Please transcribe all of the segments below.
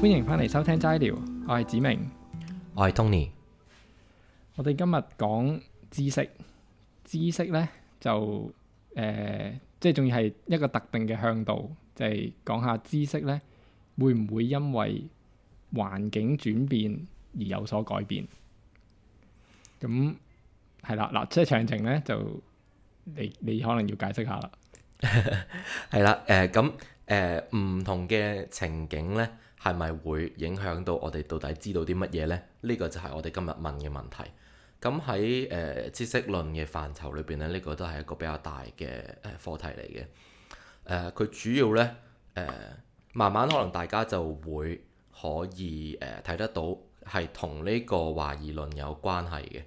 歡迎翻嚟收聽齋聊，我係梓明，我係 Tony。我哋今日講知識，知識咧就誒、呃，即係仲要係一個特定嘅向度，就係、是、講下知識咧會唔會因為環境轉變而有所改變？咁係啦，嗱，即係詳情咧，就，是、呢就你你可能要解釋下啦。係啦， 誒咁誒，唔、呃、同嘅情景咧。係咪會影響到我哋到底知道啲乜嘢呢？呢個就係我哋今日問嘅問題。咁喺誒知識論嘅範疇裏邊咧，呢個都係一個比較大嘅誒課題嚟嘅。佢、呃、主要呢、呃，慢慢可能大家就會可以睇、呃、得到係同呢個懷疑論有關係嘅，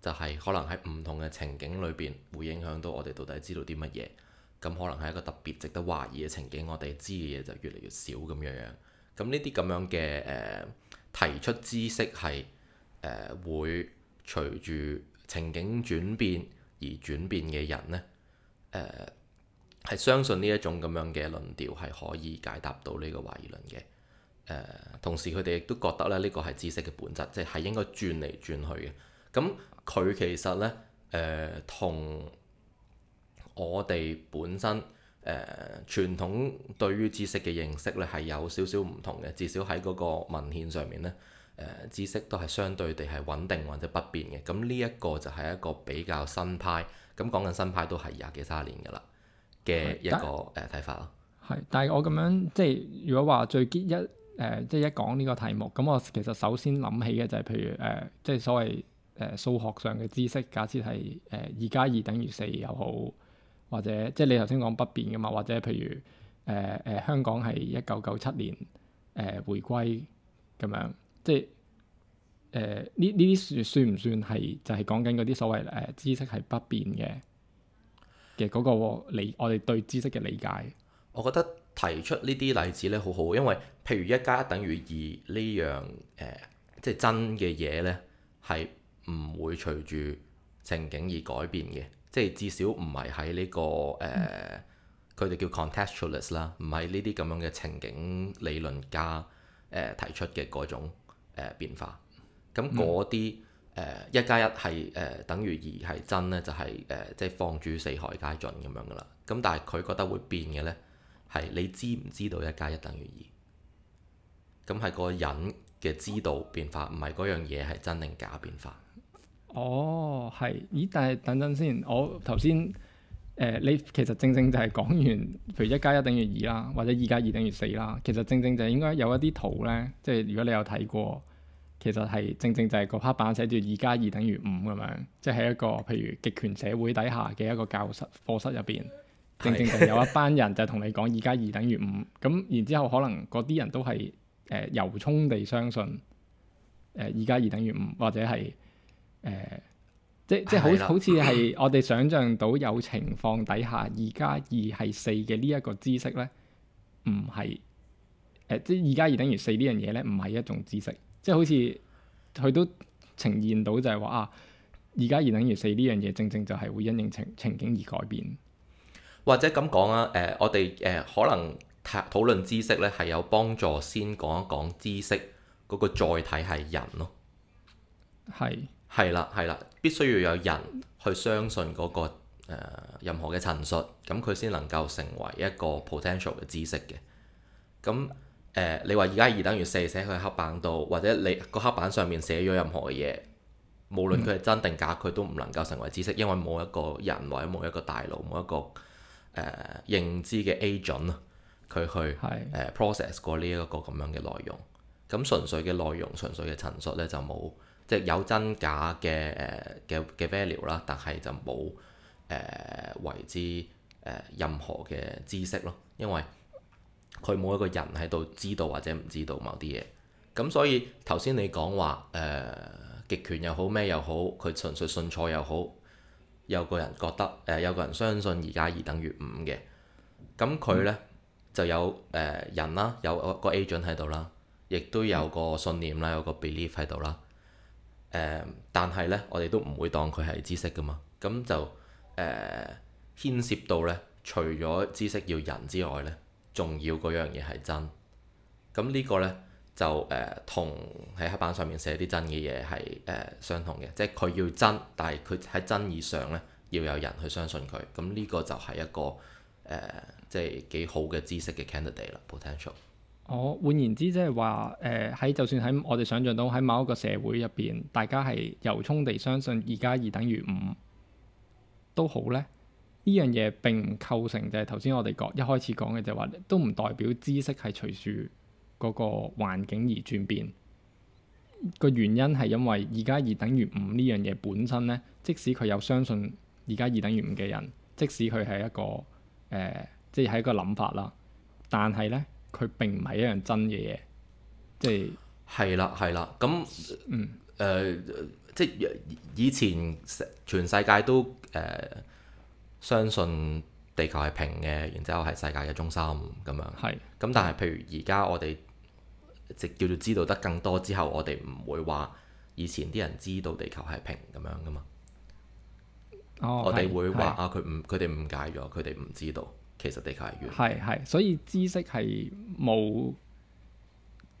就係可能喺唔同嘅情景裏邊會影響到我哋到底知道啲乜嘢。咁可能係一個特別值得懷疑嘅情景，我哋知嘅嘢就越嚟越少咁樣樣。咁呢啲咁樣嘅誒、呃、提出知識係誒、呃、會隨住情景轉變而轉變嘅人咧，誒、呃、係相信呢一種咁樣嘅論調係可以解答到呢個懷疑論嘅。誒、呃、同時佢哋亦都覺得咧呢個係知識嘅本質，即係應該轉嚟轉去嘅。咁佢其實咧誒、呃、同我哋本身，誒、呃、傳統對於知識嘅認識咧係有少少唔同嘅，至少喺嗰個文獻上面咧，誒、呃、知識都係相對地係穩定或者不變嘅。咁呢一個就係一個比較新派，咁講緊新派都係廿幾三十年㗎啦嘅一個誒睇法咯。係，但係、呃、我咁樣即係如果話最結一誒、呃，即係一講呢個題目，咁我其實首先諗起嘅就係譬如誒、呃，即係所謂誒數學上嘅知識，假設係誒二加二等於四又好。或者即係你頭先講不變嘅嘛，或者譬如誒誒、呃、香港係一九九七年誒、呃、回歸咁樣，即係誒呢呢啲算算唔算係就係講緊嗰啲所謂誒、呃、知識係不變嘅嘅嗰個理？我哋對知識嘅理解，我覺得提出呢啲例子咧好好，因為譬如一加一等於二呢樣誒、呃，即係真嘅嘢咧係唔會隨住情景而改變嘅。即係至少唔係喺呢個誒，佢、呃、哋叫 contextualist 啦，唔係呢啲咁樣嘅情景理論家誒、呃、提出嘅嗰種誒、呃、變化。咁嗰啲誒一加一係誒等於二係真咧，就係、是、誒、呃、即係放諸四海皆準咁樣噶啦。咁但係佢覺得會變嘅咧，係你知唔知道一加一等於二？咁係個人嘅知道變化，唔係嗰樣嘢係真定假變化。哦，係，咦？但係等陣先，我頭先誒，你其實正正就係講完，譬如一加一等於二啦，或者二加二等於四啦。其實正正就應該有一啲圖咧，即係如果你有睇過，其實係正正就係個黑板寫住二加二等於五咁樣，即係一個譬如極權社會底下嘅一個教室課室入邊，正正就有一班人就同你講二加二等於五。咁 然之後可能嗰啲人都係誒、呃、油沖地由衷地相信誒二加二等於五，呃、5，或者係。誒、呃，即即好好似係我哋想象到有情況底下，二加二係四嘅呢一個知識咧，唔係誒，即係二加二等於四呢樣嘢咧，唔係一種知識，即係好似佢都呈現到就係話啊，二加二等於四呢樣嘢，正正就係會因應情情景而改變。或者咁講啊，誒、呃，我哋誒、呃、可能談討論知識咧，係有幫助先講一講知識嗰個載體係人咯。係。係啦，係啦，必須要有人去相信嗰、那個、呃、任何嘅陳述，咁佢先能夠成為一個 potential 嘅知識嘅。咁誒、呃，你話二加二等於四寫去黑板度，或者你個黑板上面寫咗任何嘅嘢，無論佢係真定假，佢都唔能夠成為知識，嗯、因為冇一個人或者冇一個大腦、冇一個誒、呃、認知嘅 agent 啊，佢去誒 process 過呢一個咁樣嘅內容。咁純粹嘅內容、純粹嘅陳述咧，就冇。即係有真假嘅嘅嘅 value 啦，但係就冇誒為之誒、呃、任何嘅知識咯，因為佢冇一個人喺度知道或者唔知道某啲嘢。咁所以頭先你講話誒、呃、極權又好咩又好，佢純粹信錯又好，有個人覺得誒、呃、有個人相信而家二等於五嘅。咁佢咧就有誒人啦，有個 agent 喺度啦，亦都有個信念啦，嗯、有個 belief 喺度啦。誒，但係咧，我哋都唔會當佢係知識噶嘛，咁就誒、呃、牽涉到咧，除咗知識要人之外咧，仲要嗰樣嘢係真。咁呢個咧就誒同喺黑板上面寫啲真嘅嘢係誒相同嘅，即係佢要真，但係佢喺真以上咧要有人去相信佢。咁呢個就係一個誒、呃，即係幾好嘅知識嘅 candidate 啦，potential。我、哦、換言之，即係話誒喺就算喺我哋想象到喺某一個社會入邊，大家係由衷地相信二加二等於五都好咧。呢樣嘢並唔構成就係頭先我哋講一開始講嘅，就係話都唔代表知識係隨住嗰個環境而轉變。個原因係因為二加二等於五呢樣嘢本身咧，即使佢有相信二加二等於五嘅人，即使佢係一個誒，即、呃、係、就是、一個諗法啦，但係咧。佢並唔係一樣真嘅嘢，即係係啦，係啦，咁嗯誒、呃，即係以前全世界都誒、呃、相信地球係平嘅，然之後係世界嘅中心咁樣。係咁是，但係譬如而家我哋直的叫做知道得更多之後，我哋唔會話以前啲人知道地球係平咁樣噶嘛。哦、我哋會話的啊，佢唔佢哋誤解咗，佢哋唔知道。.其實地球係圓，係係，所以知識係冇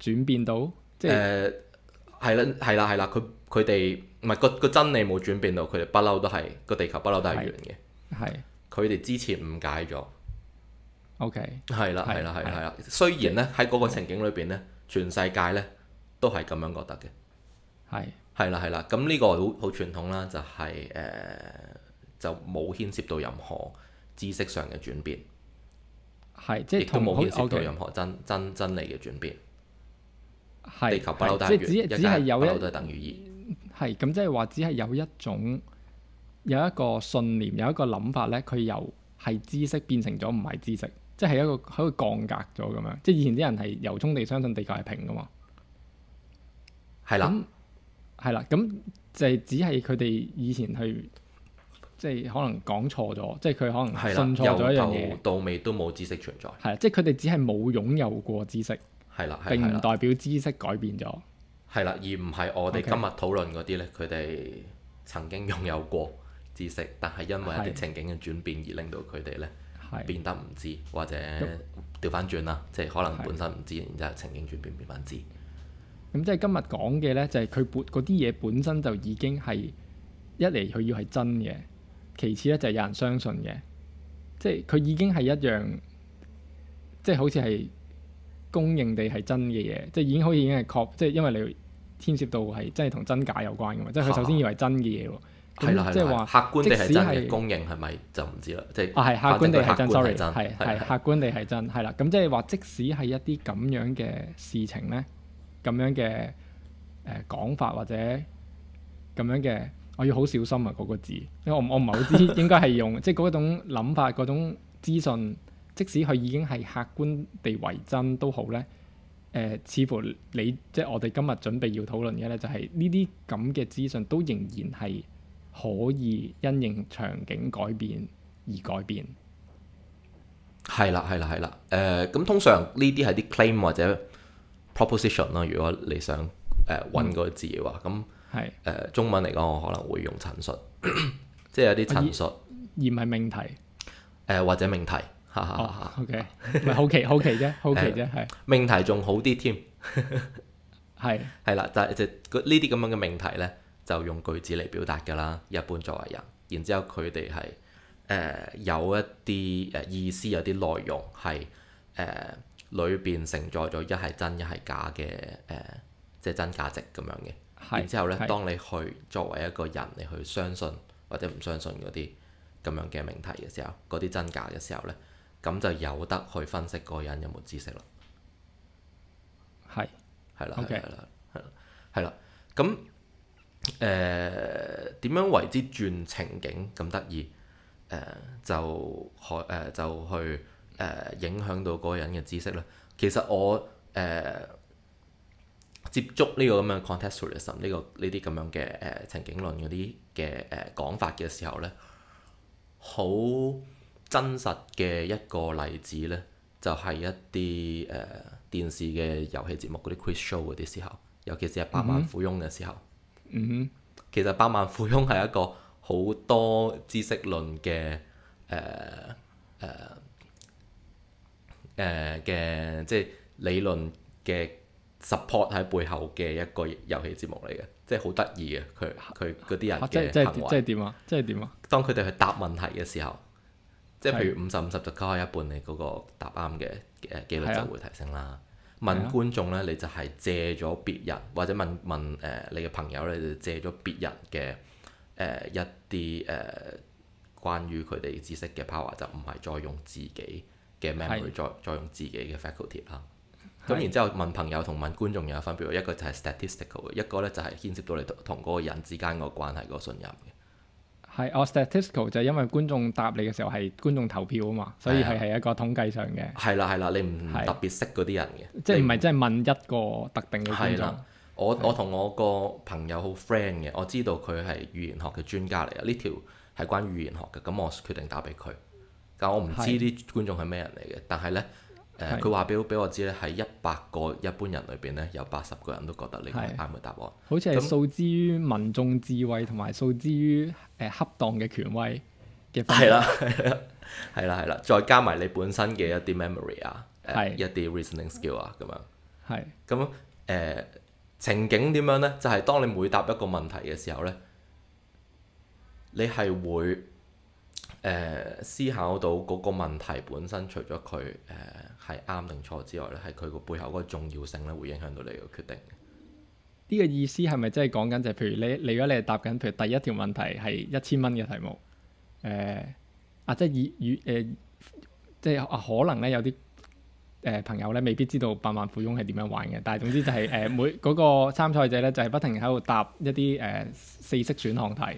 轉變到，即係，係啦係啦係啦，佢佢哋唔係個個真理冇轉變到，佢哋不嬲都係個地球不嬲都係圓嘅，係。佢哋之前誤解咗，OK，係啦係啦係係啦。雖然咧喺嗰個情景裏邊咧，全世界咧都係咁樣覺得嘅，係係啦係啦。咁呢個好好傳統啦，就係誒就冇牽涉到任何知識上嘅轉變。係，即係都冇見收到任何真 Okay. 真真，真理嘅轉變。是地球不係是等於一，即係只只係有一。係咁，即係話只係有一種有一個信念，有一個諗法咧，佢由係知識變成咗唔係知識，即係一個喺度降格咗咁樣。即係以前啲人係由衷地相信地球係平㗎嘛。係啦，係啦，咁就係只係佢哋以前去。即係可能講錯咗，即係佢可能信錯咗一樣嘢，到尾都冇知識存在。係，即係佢哋只係冇擁有過知識，係啦的，並唔代表知識改變咗。係啦，而唔係我哋今日討論嗰啲咧，佢哋 Okay. 曾經擁有過知識，但係因為一啲情景嘅轉變而令到佢哋咧變得唔知，的或者調翻轉啦，即係可能本身唔知，的然之後情景轉變變翻知。咁即係今日講嘅咧，就係佢本嗰啲嘢本身就已經係一嚟，佢要係真嘅。其次咧就係有人相信嘅，即係佢已經係一樣，即係好似係公認地係真嘅嘢，即係已經好似已經係確，即係因為你牽涉到係真係同真假有關嘅嘛，啊、即係佢首先以為真嘅嘢喎，嗯、即係話客觀，即使係公認，係咪就唔知啦，即係啊係客觀地係真，sorry 係係客觀地係真，係啦錯，咁即係話、就是、即使係一啲咁樣嘅事情咧，咁樣嘅誒講法或者咁樣嘅。我要好小心啊！嗰、那個字，因為我我唔係好知，應該係用 即係嗰種諗法、嗰種資訊，即使佢已經係客觀地為真都好咧。誒、呃，似乎你即係我哋今日準備要討論嘅咧、就是，就係呢啲咁嘅資訊都仍然係可以因應場景改變而改變。係啦，係啦，係啦。誒、呃，咁通常呢啲係啲 claim 或者 proposition 啦。如果你想誒揾嗰個字嘅話，咁、嗯。係誒是、呃，中文嚟講，我可能會用陳述， 即係有啲陳述，而唔係命題。誒、呃、或者命題，嚇嚇 O K，唔係好奇好奇啫，好奇啫係、呃是嗯、命題仲好啲添。係 係是啦，就就呢啲咁樣嘅命題咧，就用句子嚟表達㗎啦。一般作為人，然之後佢哋係誒有一啲誒意思，有啲內容係誒裏邊承載咗一係真一係假嘅誒，即係真價值咁樣嘅。然之後咧，是當你去作為一個人，你去相信或者唔相信嗰啲咁樣嘅命題嘅時候，嗰啲真假嘅時候咧，咁就有得去分析嗰個人有冇知識咯。係是，係啦，係 Okay. 啦，係啦，係啦。咁誒點樣為之轉情景咁得意？誒、呃、就可誒、呃、就去誒、呃、影響到嗰個人嘅知識咧。其實我誒。呃接觸呢個咁樣嘅 contextualism，呢、這個呢啲咁樣嘅誒情景論嗰啲嘅誒講法嘅時候咧，好真實嘅一個例子咧，就係、是、一啲誒、呃、電視嘅遊戲節目嗰啲 quiz show 嗰啲時候，尤其是《百萬富翁》嘅時候。Mm hmm. mm hmm. 其實《百萬富翁》係一個好多知識論嘅誒誒嘅即係理論嘅。support 喺背後嘅一個遊戲節目嚟嘅，即係好得意嘅佢佢嗰啲人嘅行為。即係點啊？即係點啊？當佢哋去答問題嘅時候，啊、即係譬如五十五十就扣開一半，你嗰個答啱嘅嘅機率就會提升啦。啊、問觀眾咧，你就係借咗別人、啊、或者問問誒、呃、你嘅朋友咧，就借咗別人嘅誒、呃、一啲誒、呃、關於佢哋知識嘅 power，就唔係再用自己嘅 memory 再再用自己嘅 faculty 啦。咁然之後問朋友同問觀眾又有分別，一個就係 statistical，一個咧就係牽涉到你同嗰個人之間個關係、個信任嘅。係我 statistical 就因為觀眾答你嘅時候係觀眾投票啊嘛，所以係係一個統計上嘅。係啦係啦，你唔特別識嗰啲人嘅，即係唔係即係問一個特定嘅觀眾。係啦，啊，我我同我個朋友好 friend 嘅，我知道佢係語言學嘅專家嚟嘅，呢條係關於語言學嘅，咁我決定答俾佢。但我唔知啲觀眾係咩人嚟嘅，但係咧。誒佢話俾俾我知咧，喺一百個一般人裏邊咧，有八十個人都覺得你係啱嘅答案。是那好似係數之於民眾智慧同埋數之於誒、呃、恰當嘅權威嘅。係啦，係啦，係啦，再加埋你本身嘅一啲 memory 啊，呃、的一啲 reasoning skill 啊咁樣。係的。咁誒、呃、情景點樣咧？就係、是、當你每答一個問題嘅時候咧，你係會誒、呃、思考到嗰個問題本身除，除咗佢誒。呃係啱定錯之外咧，係佢個背後嗰個重要性咧，會影響到你嘅決定。呢個意思係咪真係講緊？就係譬如你，你如果你係答緊，譬如第一條問題係一千蚊嘅題目，誒、呃、啊，即係以與誒、呃，即係啊，可能咧有啲誒、呃、朋友咧未必知道百萬富翁係點樣玩嘅，但係總之就係、是、誒 每嗰、那個參賽者咧就係、是、不停喺度答一啲誒、呃、四色選項題。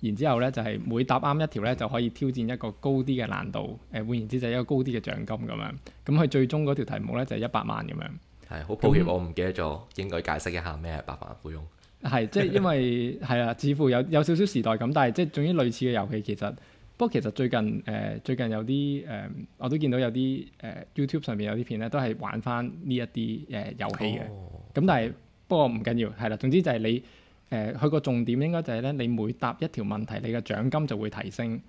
然之後咧，就係、是、每答啱一條咧，就可以挑戰一個高啲嘅難度。誒，換言之就係一個高啲嘅獎金咁樣。咁佢最終嗰條題目咧就係一百萬咁樣。係，好抱歉，我唔記得咗，應該解釋一下咩係百萬富翁。係，即係因為係啊， 似乎有有少少時代感，但係即係總之類似嘅遊戲其實。不過其實最近誒、呃，最近有啲誒、呃，我都見到有啲誒、呃、YouTube 上面有啲片咧，都係玩翻呢一啲誒遊戲嘅。咁、哦、但係不過唔緊要，係啦，總之就係你。誒，佢個、呃、重點應該就係咧，你每答一條問題，你嘅獎金就會提升，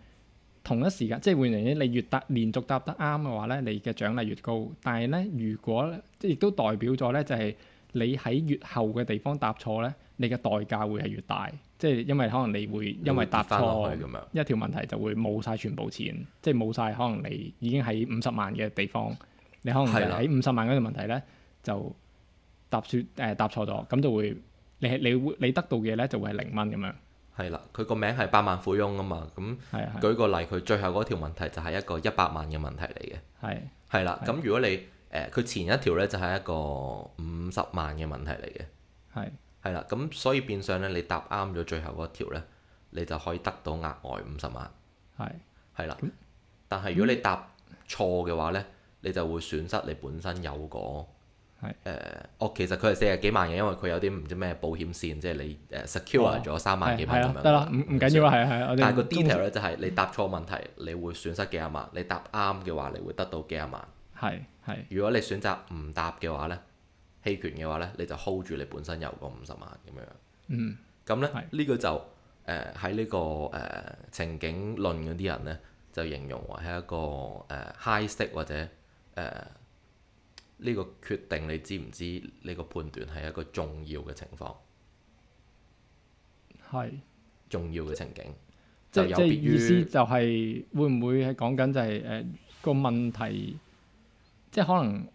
同一時間，即係換言之你越答連續答得啱嘅話咧，你嘅獎勵越高。但係咧，如果即係亦都代表咗咧，就係、是、你喺越後嘅地方答錯咧，你嘅代價會係越大，即係因為可能你會因為答錯為一條問題就會冇晒全部錢，即係冇晒可能你已經喺五十萬嘅地方，你可能喺五十萬嗰條問題咧、啊、就答錯誒、呃、答錯咗，咁就會。你你會你得到嘅嘢咧就會係零蚊咁樣。係啦，佢個名係百萬富翁啊嘛，咁舉個例，佢最後嗰條問題就係一個一百萬嘅問題嚟嘅。係。係啦，咁如果你誒佢前一條咧就係一個五十萬嘅問題嚟嘅。係。係啦，咁所以變相咧你答啱咗最後嗰條咧，你就可以得到額外五十萬。係。係啦，但係如果你答錯嘅話咧，你就會損失你本身有嗰。係誒，其實佢係四十幾萬嘅，因為佢有啲唔知咩保險線，即係你誒 secure 咗三萬幾萬咁樣。得啦，唔唔緊要啊，係啊但，但係個 detail 咧就係你答錯問題，你會損失幾廿萬；你答啱嘅話，你會得到幾廿萬。係如果你選擇唔答嘅話咧，棄權嘅話咧，你就 hold 住你本身有個五十萬咁樣。嗯、mm。咁、hmm. 咧呢是個就誒喺呢個誒、呃、情景論嗰啲人咧，就形容為係一個誒 high 息或者誒。呃呃呢個決定你知唔知？呢個判斷係一個重要嘅情況，係係重要嘅情景。即即意思就係會唔會係講緊就係、係、誒、呃、個問題，即可能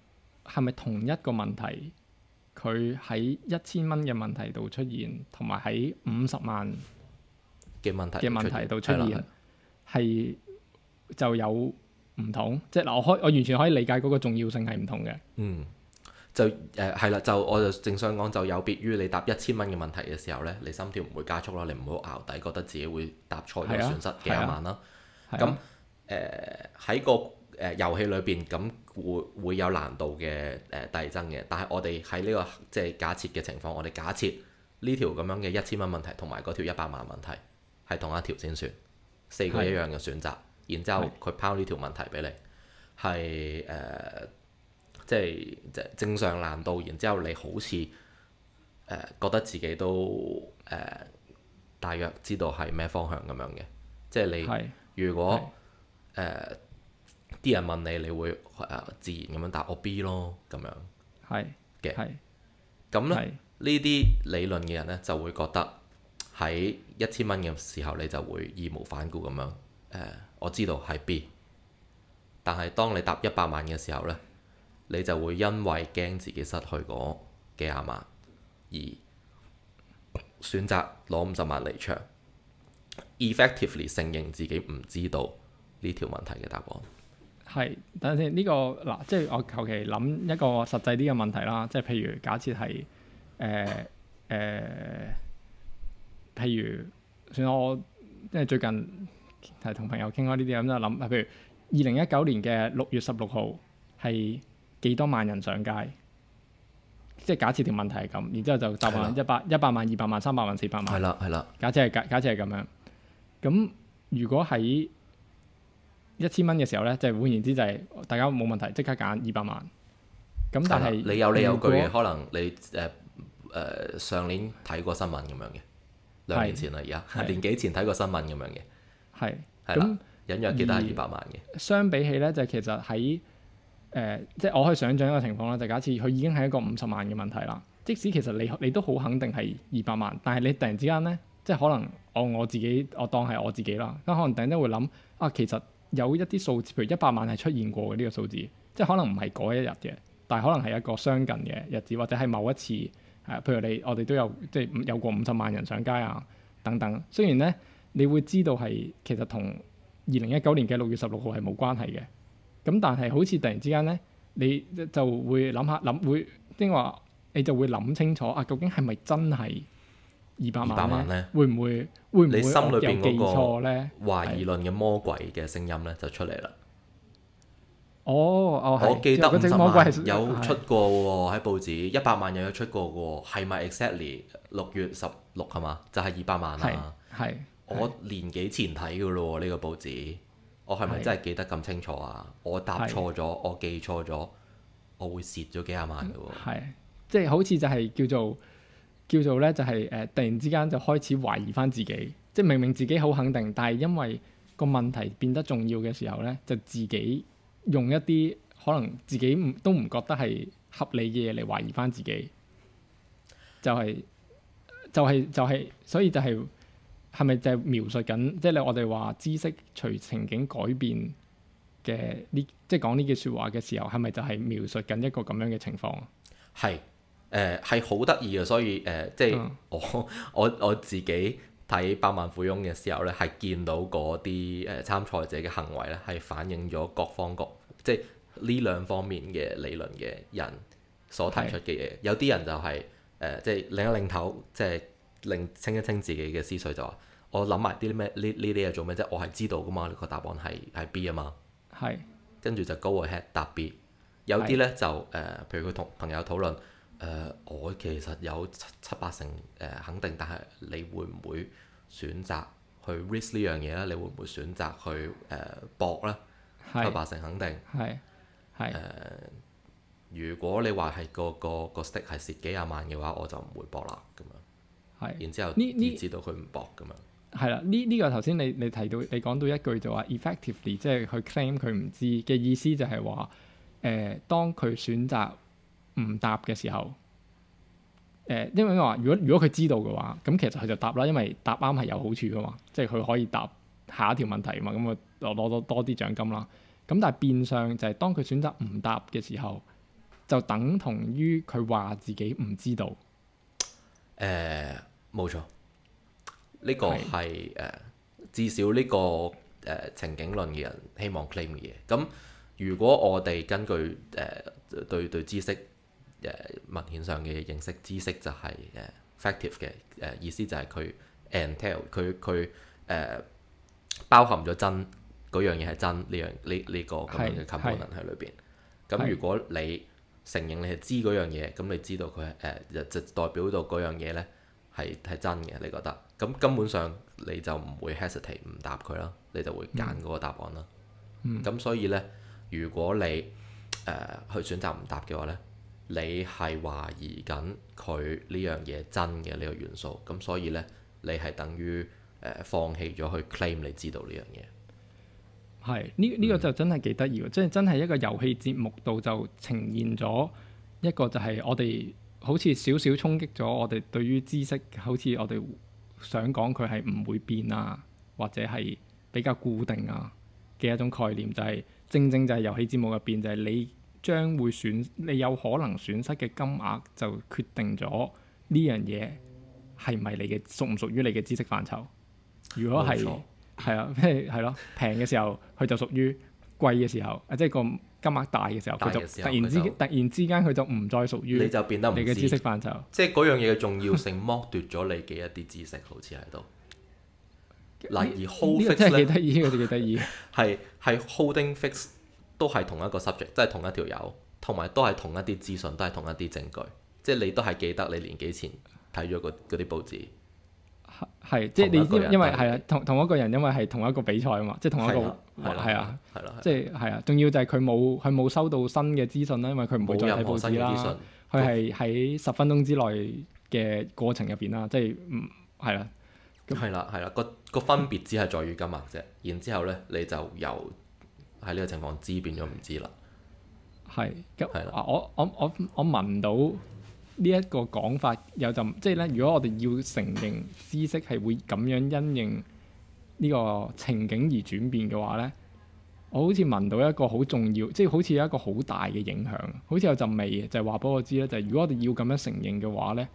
係咪同一個問題？佢喺一千蚊嘅問題度出現，同埋喺五十萬嘅問題嘅問題度出現，係就有唔同，即係嗱，我可我完全可以理解嗰個重要性係唔同嘅。嗯，就誒係啦，就我就正想講，就有別於你答一千蚊嘅問題嘅時候呢，你心跳唔會加速啦，你唔會淆底，覺得自己會答錯而損失幾萬啦。咁誒喺個誒遊戲裏邊，咁、呃、會會有難度嘅誒遞增嘅。但係我哋喺呢個即係假設嘅情況，我哋假設呢條咁樣嘅一千蚊問題同埋嗰條一百萬問題係同一條先算，四個一樣嘅選擇。然之後佢拋呢條問題俾你，係誒、呃，即係即正常難度。然之後你好似誒、呃、覺得自己都誒、呃，大約知道係咩方向咁樣嘅。即係你是如果誒啲是、呃、人問你，你會誒自然咁樣答我 B 咯咁樣。係嘅。係。咁咧呢啲是理論嘅人咧就會覺得喺一千蚊嘅時候，你就會義無反顧咁樣誒。呃我知道係 B，但係當你答一百萬嘅時候呢，你就會因為驚自己失去嗰幾廿萬而選擇攞五十萬離場，effectively 承認自己唔知道呢條問題嘅答案。係，等陣先呢個嗱，即係我求其諗一個實際啲嘅問題啦，即係譬如假設係、呃呃、譬如算我即係最近。係同朋友傾開呢啲咁就諗，誒，譬如二零一九年嘅六月十六號係幾多萬人上街，即係假設條問題係咁，然之後就答案一百一百萬、二百萬、三百萬、四百萬。係啦，係啦。假設係假假設係咁樣，咁如果喺一千蚊嘅時候呢，即係換言之就係大家冇問題，即刻揀二百萬。咁但係你有理有據果可能你誒誒、呃、上年睇過新聞咁樣嘅，兩年前啦，而家年幾前睇過新聞咁樣嘅。係，咁隱約記得係二百萬嘅。那相比起咧，就是、其實喺誒，即、呃、係、就是、我可以想像一個情況啦，就是、假設佢已經係一個五十萬嘅問題啦。即使其實你你都好肯定係二百萬，但係你突然之間咧，即、就、係、是、可能我我我自己我當係我自己啦，咁可能突然之間會諗啊，其實有一啲數字，譬如一百萬係出現過嘅呢、這個數字，即、就、係、是、可能唔係嗰一日嘅，但係可能係一個相近嘅日子，或者係某一次誒、啊，譬如你我哋都有即係、就是、有過五十萬人上街啊等等。雖然咧。你會知道係其實同二零一九年嘅六月十六號係冇關係嘅。咁但係好似突然之間咧，你就會諗下諗會，即係話你就會諗清楚啊，究竟係咪真係二百萬咧？會唔會，會唔會心裏邊有記錯咧？懷疑論嘅魔鬼嘅聲音咧就出嚟啦。哦，我記得有出過喎，喺報紙一百萬又有出過嘅喎，係咪 exactly 六月十六係嘛？就係二百萬啊！係。我年幾前睇嘅咯喎，呢個報紙，我係咪真係記得咁清楚啊？係。我答錯咗，我記錯咗，我會蝕咗幾廿萬嘅喎。係，即係好似就係叫做叫做咧，就係誒，突然之間就開始懷疑翻自己，即係明明自己好肯定，但係因為個問題變得重要嘅時候咧，就自己用一啲可能自己唔都唔覺得係合理嘅嘢嚟懷疑翻自己，就係就係就係，所以就係。係咪就係描述緊，即係你我哋話知識隨情景改變嘅呢？即係講呢句説話嘅時候，係咪就係描述緊一個咁樣嘅情況？係，誒係好得意嘅，所以誒、呃，即係、嗯、我我我自己睇《百萬富翁》嘅時候咧，係見到嗰啲誒參賽者嘅行為咧，係反映咗各方各即係呢兩方面嘅理論嘅人所提出嘅嘢。是有啲人就係、是、誒、呃，即係擰一擰頭，即係、嗯。令清一清自己嘅思緒就話，我諗埋啲咩？呢呢啲嘢做咩啫？我係知道噶嘛？你個答案係係 B 啊嘛。係跟住就 go ahead 答 B。有啲咧，就誒譬如佢同朋友討論誒我其實有七七八成誒肯定，但係你會唔會選擇去 risk 呢樣嘢咧？你會唔會選擇去誒搏咧？七八成肯定係係誒。如果你話係個個個 stick 係蝕幾廿萬嘅話，我就唔會搏啦咁樣。然之後，呢呢知道佢唔博噶嘛？係啦，呢呢、這個頭先你你提到你講到一句就話 ，effectively 即係佢 claim 佢唔知嘅意思就，就係話，誒，當佢選擇唔答嘅時候，誒、呃，因為話如果如果佢知道嘅話，咁其實佢就答啦，因為答啱係有好處噶嘛，即係佢可以答下一條問題啊嘛，咁啊攞攞多多啲獎金啦。咁但係變相就係當佢選擇唔答嘅時候，就等同於佢話自己唔知道。誒、呃。冇錯，呢、這個係誒是、呃、至少呢、這個誒、呃、情景論嘅人希望 claim 嘅嘢。咁如果我哋根據誒、呃、對對,對知識誒文獻上嘅認識，知識就係誒 factive 嘅誒意思就係佢 entail 佢佢誒包含咗真嗰樣嘢係真呢樣呢呢個咁樣嘅 component 喺裏邊是。咁是如果你承認你係知嗰樣嘢，咁你知道佢誒就代表到嗰樣嘢咧。係係真嘅，你覺得？咁根本上你就唔會 hesitate 唔答佢啦，你就會揀嗰、嗯、個答案啦。咁、嗯、所以呢，如果你誒、呃、去選擇唔答嘅話呢，你係懷疑緊佢呢樣嘢真嘅呢、呢個元素。咁所以呢，你係等於誒、呃、放棄咗去 claim 你知道呢樣嘢。係呢，呢個就真係幾得意，即係、嗯、真係一個遊戲節目度就呈現咗一個就係我哋。好似少少衝擊咗我哋對於知識，好似我哋想講佢係唔會變啊，或者係比較固定啊嘅一種概念，就係、是、正正就係遊戲節目入邊，就係、是、你將會損，你有可能損失嘅金額就決定咗呢樣嘢係唔係你嘅屬唔屬於你嘅知識範疇？如果係係 啊，咩係咯？平嘅、啊、時候佢就屬於。貴嘅時候，啊，即係個金額大嘅時候，佢就突然之就突然之間佢就唔再屬於你，就變得唔止知，知識範疇，即係嗰樣嘢嘅重要性剝奪咗你嘅一啲知識， 好似喺度嗱。而 holding holding fix 都係同一個 subject，都係同一條友，同埋都係同一啲資訊，都係同一啲證據，即係你都係記得你年幾前睇咗嗰啲報紙。係，即係你因因為係啊，同同一個人，因為係同一個比賽啊嘛，即係同一個係啊，係啦，即係係啊，仲要就係佢冇佢冇收到新嘅資訊啦，因為佢唔會再睇新資訊啦，佢係喺十分鐘之內嘅過程入邊啦，即係嗯係啦，咁係啦係啦，個個分別只係在於金額啫，然之後咧你就由喺呢個情況知變咗唔知啦，係係啦，我我我我聞到。呢一個講法有陣，即係咧，如果我哋要承認知識係會咁樣因應呢個情景而轉變嘅話咧，我好似聞到一個好重要，即係好似有一個好大嘅影響，好似有陣味，就係話俾我知咧，就係、是、如果我哋要咁樣承認嘅話咧，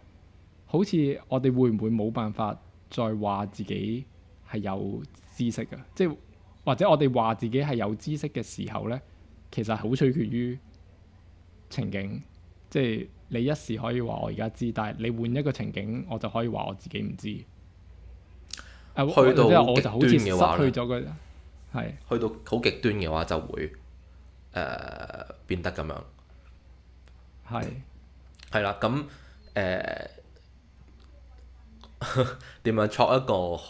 好似我哋會唔會冇辦法再話自己係有知識嘅、啊？即係或者我哋話自己係有知識嘅時候咧，其實係好取決於情景，即係。你一時可以話我而家知，但係你換一個情景，我就可以話我自己唔知。去到好端嘅話、啊、我，我，我，我就好似失去咗嘅，係。去到好極端嘅話就會誒、呃、變得咁樣。係是。係、嗯、啦，咁誒點樣戳一個好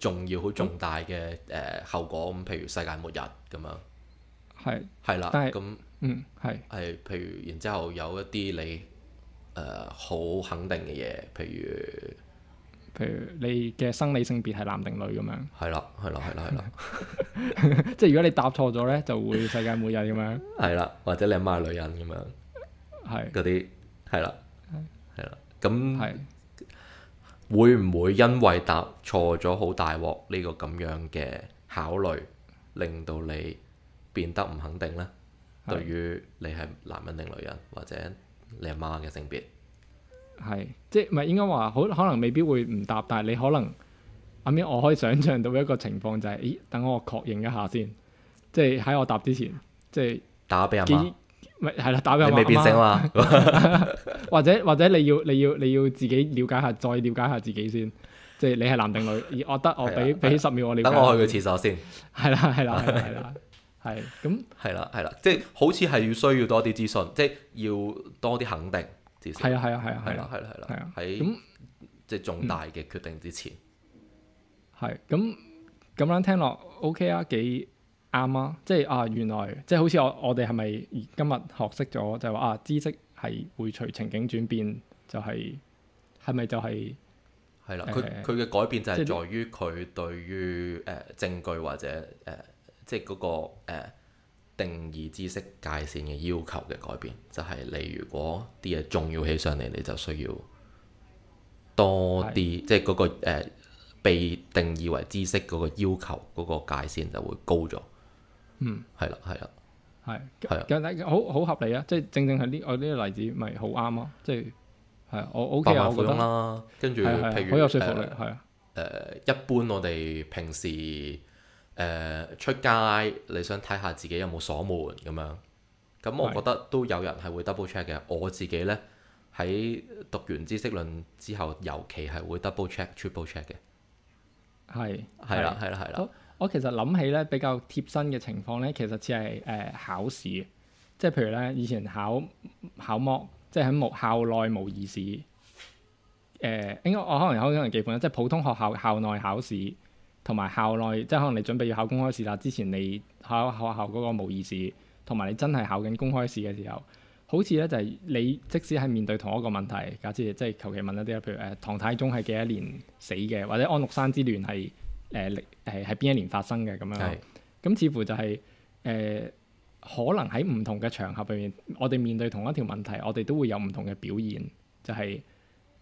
重要、好重大嘅誒後果咁？譬如世界末日咁樣。係是。係啦，但係咁是。嗯嗯，係。係，譬如，然之後有一啲你誒好肯定嘅嘢，譬如譬如你嘅生理性別係男定女咁樣。係啦，係啦，係啦，係啦。即係如果你答錯咗咧，就會世界末日咁樣。係啦，或者你阿媽係女人咁樣。係。嗰啲係啦，係啦。咁係會唔會因為答錯咗好大鑊呢個咁樣嘅考慮，令到你變得唔肯定咧？對於你係男人定女人，或者你阿媽嘅性別，係即係唔係應該話好可能未必會唔答。但係你可能阿媽，我可以想象到一個情況就係、是，咦？等我確認一下先，即係喺我答之前，即係打俾阿媽，唔係，係啦，打俾阿媽。未變性嘛？或者或者你要你要你要自己瞭解下，再瞭解下自己先。即係你係男定女？我得我俾俾十秒我瞭解。等我去個廁所先。係啦，係啦，係啦。係，咁係啦，係啦，即係好似係要需要多啲資訊，即係要多啲肯定資訊。係啊，係啊，係啊，係啦，係啦，係啦，喺即係重大嘅決定之前。係，咁咁樣聽落 OK 啊，幾啱啊！即係啊，原來即係好似我我哋係咪今日學識咗就話啊，知識係會隨情景轉變，就係係咪就係係啦？佢佢嘅改變就係在於佢對於誒證據或者誒。即係嗰個、呃、定義知識界線嘅要求嘅改變，就係、是、你如果啲嘢重要起上嚟，你就需要多啲，即係嗰個、呃、被定義為知識嗰個要求嗰、嗰個界線就會高咗。嗯，係啦，係啦，係係啊，好好、啊啊、是合理啊！即、就、係、是、正正係呢我呢個例子咪好啱咯，即係係我 OK 啊，我，我覺得百萬富翁啦，跟住譬如誒，好有說服力，係啊，誒、啊啊啊啊啊、一般我哋平時。誒、呃、出街你想睇下自己有冇鎖門咁樣，咁我覺得都有人係會 double check 嘅。我自己咧喺讀完知識論之後，尤其係會 double check triple check 嘅。係係啦，係啦，係啦。我的我其實諗起咧比較貼身嘅情況咧，其實似係誒考試，即係譬如咧以前考考模，即係喺校校內模擬試。誒、呃、應該我可能有好多人記錯，即係普通學校校內考試。同埋校內，即係可能你準備要考公開試啦。之前你考學校嗰個模擬試，同埋你真係考緊公開試嘅時候，好似咧就係、是、你即使係面對同一個問題，假設即係求其問一啲譬如誒唐太宗係幾多年死嘅，或者安祿山之亂係誒歷誒係邊一年發生嘅咁樣。係是。咁似乎就係、是、誒、呃、可能喺唔同嘅場合入面，我哋面對同一條問題，我哋都會有唔同嘅表現，就係、是。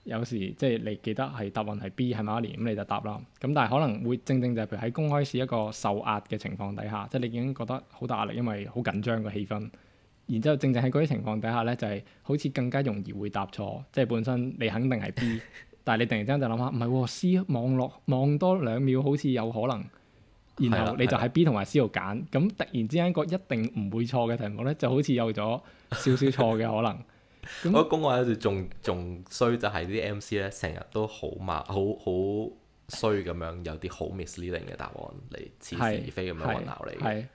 有時即係你記得係答案係 B 係咪？一年，咁你就答啦。咁但係可能會正正就係譬如喺公開試一個受壓嘅情況底下，即係你已經覺得好大壓力，因為好緊張嘅氣氛。然之後正正喺嗰啲情況底下呢，就係、是、好似更加容易會答錯。即係本身你肯定係 B， 但係你突然之間就諗、哦、下唔係，C 望落望多兩秒好似有可能。然後你就喺 B 同埋 C 度揀。咁 突然之間個一定唔會錯嘅題目呢，就好似有咗少少錯嘅可能。 我 公開有時仲仲衰，就係啲 MC 咧，成日都好麻，好好衰咁樣，有啲好 misleading 嘅答案嚟，似是而非咁樣混淆你。係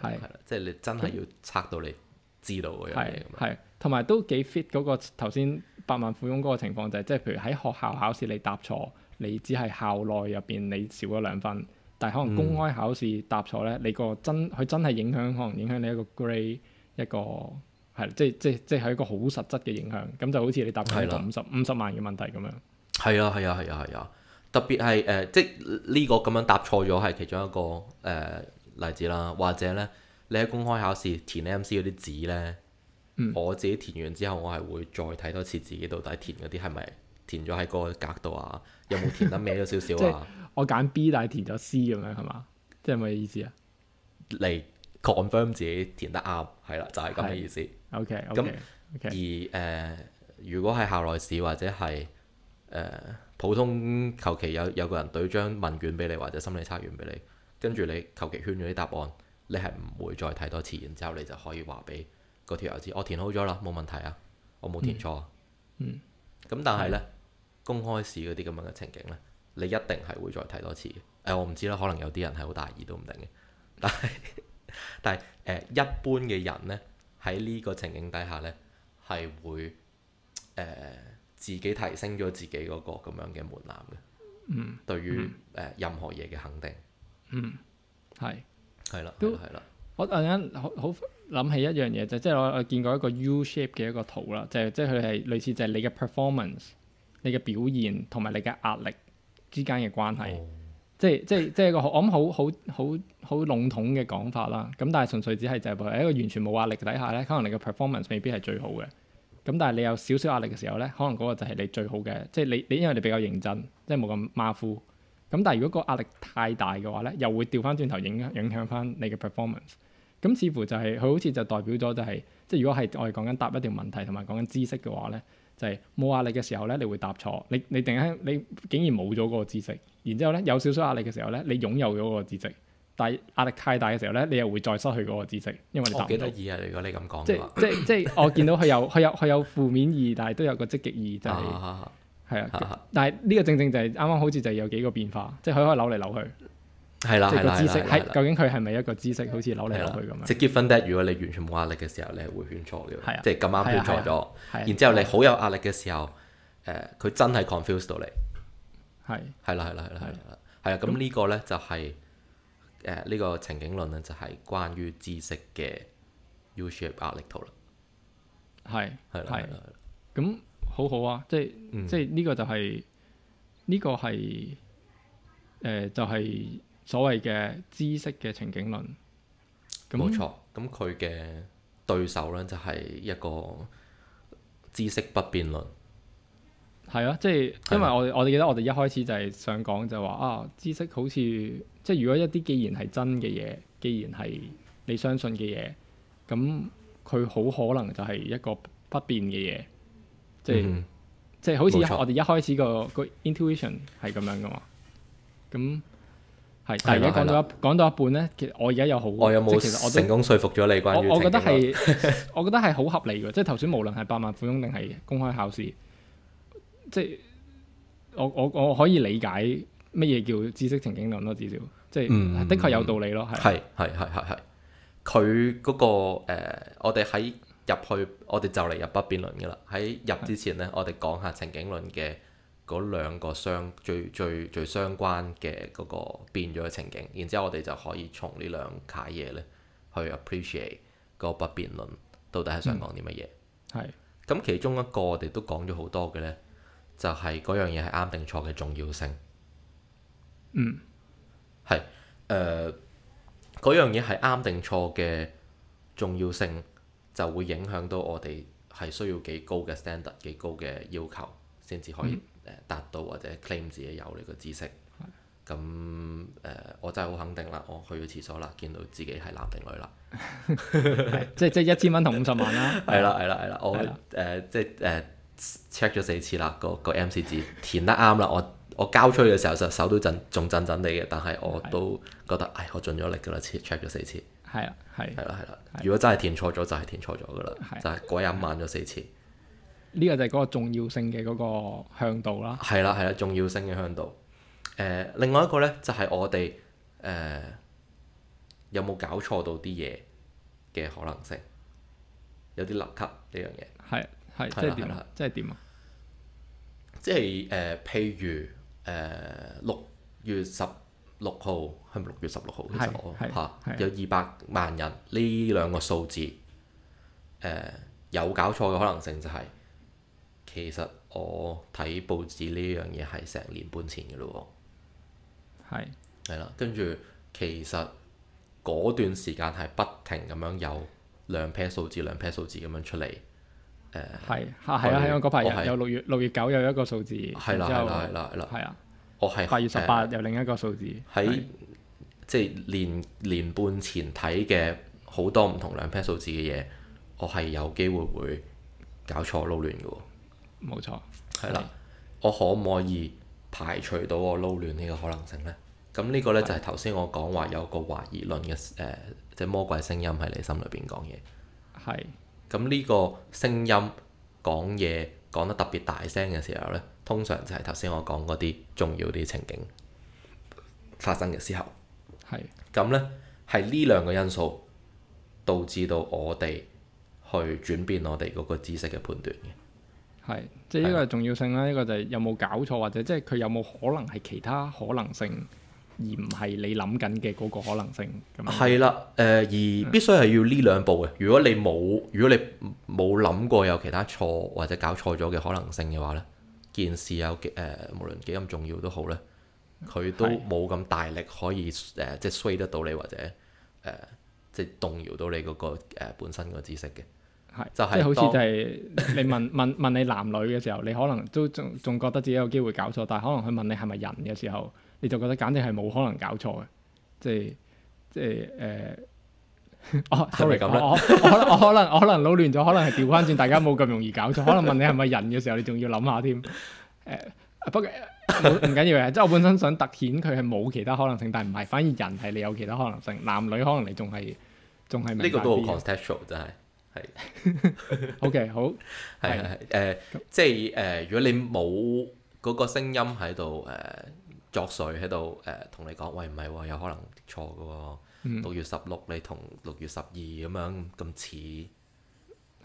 係啦，即係你真係要測到你、嗯、知道嗰樣嘢。係同埋都幾 fit 嗰個頭先百萬富翁嗰個情況，就係即係譬如喺學校考試你答錯，你只係校內入邊你少咗兩分，但係可能公開考試答錯咧，你個、嗯、真佢真係影響，可能影響你一個 grade 一個。係，即係即係即係一個好實質嘅影響，咁就好似你答錯五十五十萬嘅問題咁樣。係啊係啊係啊係啊，特別係誒、呃，即係呢個咁樣答錯咗係其中一個誒、呃、例子啦。或者咧，你喺公開考試填 M C 嗰啲紙咧，嗯、我自己填完之後，我係會再睇多次自己到底填嗰啲係咪填咗喺個格度啊？有冇填得歪咗少少啊？ 我揀 B 但係填咗 C 咁樣係嘛？即係咪意思啊？嚟。confirm 自己填得啱，係啦，就係咁嘅意思。O K，咁而誒、呃，如果係校內試，或者係誒、呃、普通求其有有個人攤張問卷俾你，或者心理測驗俾你，跟住你求其圈咗啲答案，你係唔會再睇多次，然之後你就可以話俾個條友知，我、哦、填好咗啦，冇問題啊，我冇填錯、啊嗯。嗯，咁但係呢，的公開試嗰啲咁樣嘅情景呢，你一定係會再睇多次嘅、呃。我唔知啦，可能有啲人係好大意都唔定嘅，但係。 但係誒、呃、一般嘅人咧，喺呢個情景底下咧，係會誒、呃、自己提升咗自己嗰個咁樣嘅門檻嘅。嗯，對於誒、嗯呃、任何嘢嘅肯定。嗯，係。係啦，都係啦。我突然間好好諗起一樣嘢就係，即係我我見過一個 U shape 嘅一個圖啦，就係即係佢係類似就係你嘅 performance、你嘅表現同埋你嘅壓力之間嘅關係。哦即係即係即係個我諗好好好好籠統嘅講法啦，咁但係純粹只係就係一個完全冇壓力底下咧，可能你嘅 performance 未必係最好嘅。咁但係你有少少壓力嘅時候咧，可能嗰個就係你最好嘅，即係你你因為你比較認真，即係冇咁馬虎。咁但係如果個壓力太大嘅話咧，又會掉翻轉頭影影響翻你嘅 performance。咁似乎就係、是、佢好似就代表咗就係、是，即係如果係我哋講緊答一條問題同埋講緊知識嘅話咧。就係冇壓力嘅時候咧，你會答錯。你你突然間你竟然冇咗嗰個知識，然之後咧有少少壓力嘅時候咧，你擁有咗個知識。但係壓力太大嘅時候咧，你又會再失去嗰個知識，因為你答唔到。得意啊，如果你咁講。即係即係即係我見到佢有佢有佢有負面意義，但係都有個積極意義，就係係啊。但係呢個正正就係啱啱好似就係有幾個變化，即係佢可以扭嚟扭去。係啦，係啦，係啦，係究竟佢係咪一個知識，好似扭嚟扭去咁樣？即係結婚 day，如果你完全冇壓力嘅時候，你係會選錯嘅。係啊，即係咁啱選錯咗，然之後你好有壓力嘅時候，誒，佢真係 confuse 到你。係。係啦，係啦，係啦，係啦。係啊，咁呢個咧就係誒呢個情景論咧，就係關於知識嘅 U shape 壓力圖啦。係。係啦，係啦。咁好好啊，即係即係呢個就係呢個係誒就係。所謂嘅知識嘅情景論，冇錯。咁佢嘅對手咧，就係、是、一個知識不變論。係啊，即係因為我 我哋記得我哋一開始就係想講就話啊，知識好似即係如果一啲既然係真嘅嘢，既然係你相信嘅嘢，咁佢好可能就係一個不變嘅嘢，嗯、即係即係好似錯我哋一開始、個、個 intuition 係咁樣噶嘛。咁係，但係而家講到一講的到一半咧，其實我而家有好，我有冇成功説服咗你關於我覺得係，我覺得係好合理嘅， 即係頭先無論係百萬富翁定係公開考試，即係我我我可以理解乜嘢叫知識情景論咯，至少即係的確有道理咯，係係係係係，佢嗰的、嗰個、呃、我哋喺入去，我哋就嚟入筆辯論嘅啦，喺入之前咧，的我哋講下情景論嘅。嗰兩個相最最最相關嘅嗰個變咗嘅情景，然之後我哋就可以從呢兩楷嘢咧去 appreciate 個不辯論到底係想講啲乜嘢。係咁、嗯，其中一個我哋都講咗好多嘅咧，就係嗰樣嘢係啱定錯嘅重要性。嗯，係誒，嗰樣嘢係啱定錯嘅重要性，就會影響到我哋係需要幾高嘅 standard，幾高嘅要求先至可以、嗯。誒達到或者 claim 自己有呢個知識，咁誒、呃、我真係好肯定啦！我去咗廁所啦，見到自己係男定女啦。即即一千蚊同五十萬啦、啊。係啦係啦係啦，我誒即誒 check 咗四次啦，個個 M C 字填得啱啦。我我交出去嘅時候就手都震，仲震震哋嘅。但係我都覺得，唉，我盡咗力㗎啦，check 咗四次。係啊係。係啦係啦，如果真係填錯咗就係填錯咗㗎啦，就係鬼也慢咗四次。呢個就係嗰個重要性嘅嗰個向度啦。係啦、啊，係啦、啊，重要性嘅向度。誒、呃，另外一個咧就係、是、我哋誒、呃、有冇搞錯到啲嘢嘅可能性，有啲立級呢樣嘢。係、這、係、個，即係點啊？即係點啊？即係誒，譬如誒六、呃、月十六號，係咪六月十六號嘅時候有二百萬人呢兩個數字誒、呃、有搞錯嘅可能性就係、是。其實我睇報紙呢樣嘢係成年半前嘅咯，係，係啦。跟住其實嗰段時間係不停咁樣有兩 pair 數字，兩 pair 數字咁樣出嚟。誒，係係啦，我嗰排有六月，六月九又有一個數字，係啦，係啦，係啦，係啦，係啊。我係八月十八又另一個數字喺，即係年年半前睇嘅好多唔同兩 pair 數字嘅嘢，我係有機會會搞錯撈亂嘅喎。冇錯，係啦。的的我可唔可以排除到我撈亂呢個可能性呢？咁呢個呢，的就係頭先我講話有個懷疑論嘅，即係魔鬼聲音喺你心裏邊講嘢。係的。咁呢個聲音講嘢講得特別大聲嘅時候呢，通常就係頭先我講嗰啲重要啲情景發生嘅時候。係的。咁呢，係呢兩個因素導致到我哋去轉變我哋嗰個知識嘅判斷嘅。係，即係呢個係重要性啦。呢個就係有冇搞錯，或者即係佢有冇可能係其他可能性，而唔係你諗緊嘅嗰個可能性。係啦，誒，而、呃、必須係要呢兩步嘅。如果你冇，如果你冇諗過有其他錯或者搞錯咗嘅可能性嘅話咧，件事有幾誒、呃，無論幾咁重要都好咧，佢都冇咁大力可以誒、呃，即係衰得到你或者誒、呃，即係動搖到你嗰、那個、呃、本身個知識嘅。係，就 即係好似就係你問問問你男女嘅時候，你可能都仲仲覺得自己有機會搞錯，但係可能佢問你係咪人嘅時候，你就覺得簡直係冇可能搞錯嘅，即係即係誒、呃 啊、，sorry 咁啦，我我，我，我可能我可能可能撈亂咗，可能係調翻轉，大家冇咁容易搞錯，可能問你係咪人嘅時候， 你仲要諗下添、呃，不過唔緊要嘅，即係我本身想突顯佢係冇其他可能性，但係唔係，反而人係你有其他可能性，男女可能你仲係仲係，呢個都好 contextual 真係。Ok，好係誒，eh，即係誒，如果你冇嗰個聲音喺度誒作祟喺度誒，同、呃、你講喂唔係喎，有可能錯噶喎，六、嗯、月十六你同六月十二咁樣咁似，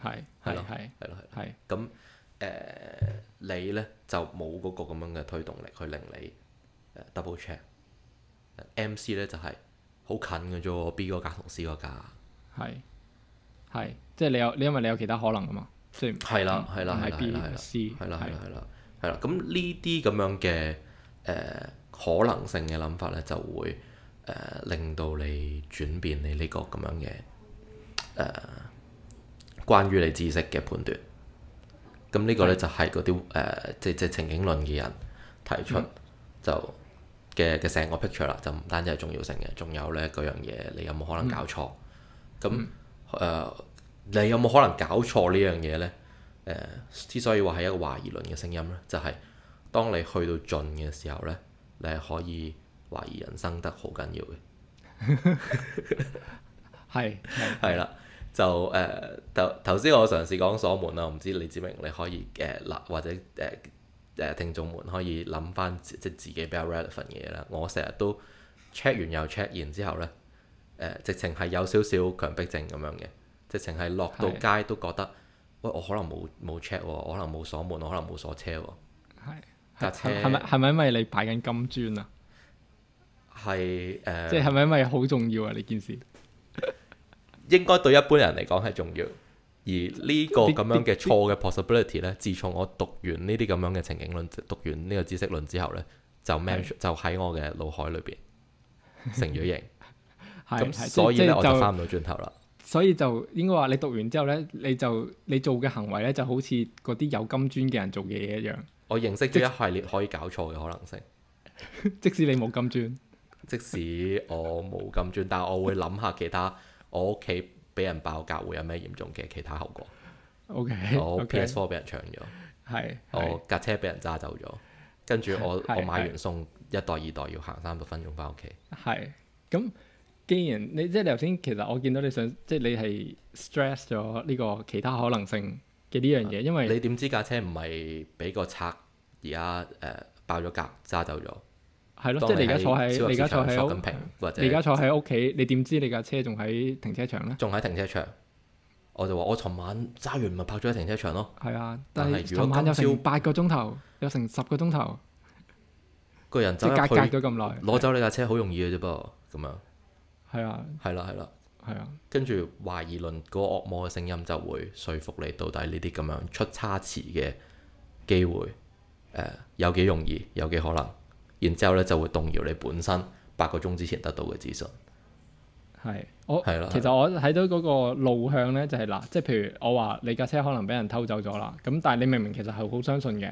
係係咯係係咯係，咁誒你咧就冇嗰個咁樣嘅推動力去令你誒 double check，M C 咧就係、是、好近嘅啫，B 個價同 C 個價係。係，即係你有，你因為你有其他可能噶嘛，即係唔係 B、唔係 C，係啦，係啦但，係啦的，咁呢啲咁樣嘅誒、呃、可能性嘅諗法咧，就會誒、呃、令到你轉變你呢個咁樣嘅誒、呃、關於你知識嘅判斷。咁呢個咧就係嗰啲誒，即係即係情景論嘅人提出就嘅嘅成個 picture 啦，就唔單止係重要性嘅，仲有咧嗰樣嘢你有冇可能搞錯？咁誒，你有冇可能搞錯呢樣嘢呢？之所以話係一個懷疑論嘅聲音呢，就係當你去到盡嘅時候呢，你係可以懷疑人生得好緊要嘅。係係啦，就誒頭頭先我嘗試講鎖門啦，唔知梓明你可以誒，或者誒誒聽眾們可以諗翻即係自己比較 relevant 嘅嘢啦。我成日都 check 完又 check，然之後呢。直情係有少少強迫症咁樣嘅，直情係落到街都覺得，喂是，我可能冇冇 check、喔、我可能冇鎖門，我可能冇鎖車、喔。係是，係咪係咪因為你擺緊金磚啊？係是，誒、呃，即係係咪因為好重要啊？呢件事應該對一般人嚟講係重要，而呢個咁樣嘅錯嘅 possibility 咧， 自從我讀完呢啲咁樣嘅情景論，讀完呢個知識論之後咧，就 match 就喺我嘅腦海裏邊成咗形。 咁所以咧我就翻唔到轉頭啦。所以就應該話你讀完之後咧，你就你做嘅行為咧，就好似嗰啲有金磚嘅人做嘅嘢一樣。我認識咗一系列可以搞錯嘅可能性，即使你冇金磚，即使我冇金磚，但係我會諗下其他，我屋企俾人爆格會有咩嚴重嘅其他後果。O K，我 P S Four 俾人搶咗，係我架車俾人揸走咗，跟住我我買完餸一袋二袋要行三十分鐘翻屋企。係咁。既然你即係頭先，其實我見到你想即係你係 stress 咗呢個其他可能性嘅呢樣嘢，因為你點知架車唔係俾個賊而家誒爆咗格揸走咗？係咯烏，即係者你而家坐喺你而家坐喺屋，你而家坐喺屋企，你點知你架車仲喺停車場咧？仲喺停車場，我就話我尋晚揸完咪泊咗喺停車場咯。係啊，但係尋晚有成八個鐘頭，有成十個鐘頭，個人就隔隔咗咁耐，攞走你架車好容易嘅啫噃咁樣。係啊，係啦，係啦，係啊。跟住、啊、懷疑論嗰個惡魔嘅聲音就會說服你，到底呢啲咁樣出差池嘅機會，誒、呃、有幾容易，有幾可能。然之後咧就會動搖你本身八個鐘之前得到嘅資訊。係，我、啊、其實我睇到嗰個路向咧，就係、是、嗱，即係譬如我話你架車可能俾人偷走咗啦。咁但係你明明其實係好相信嘅。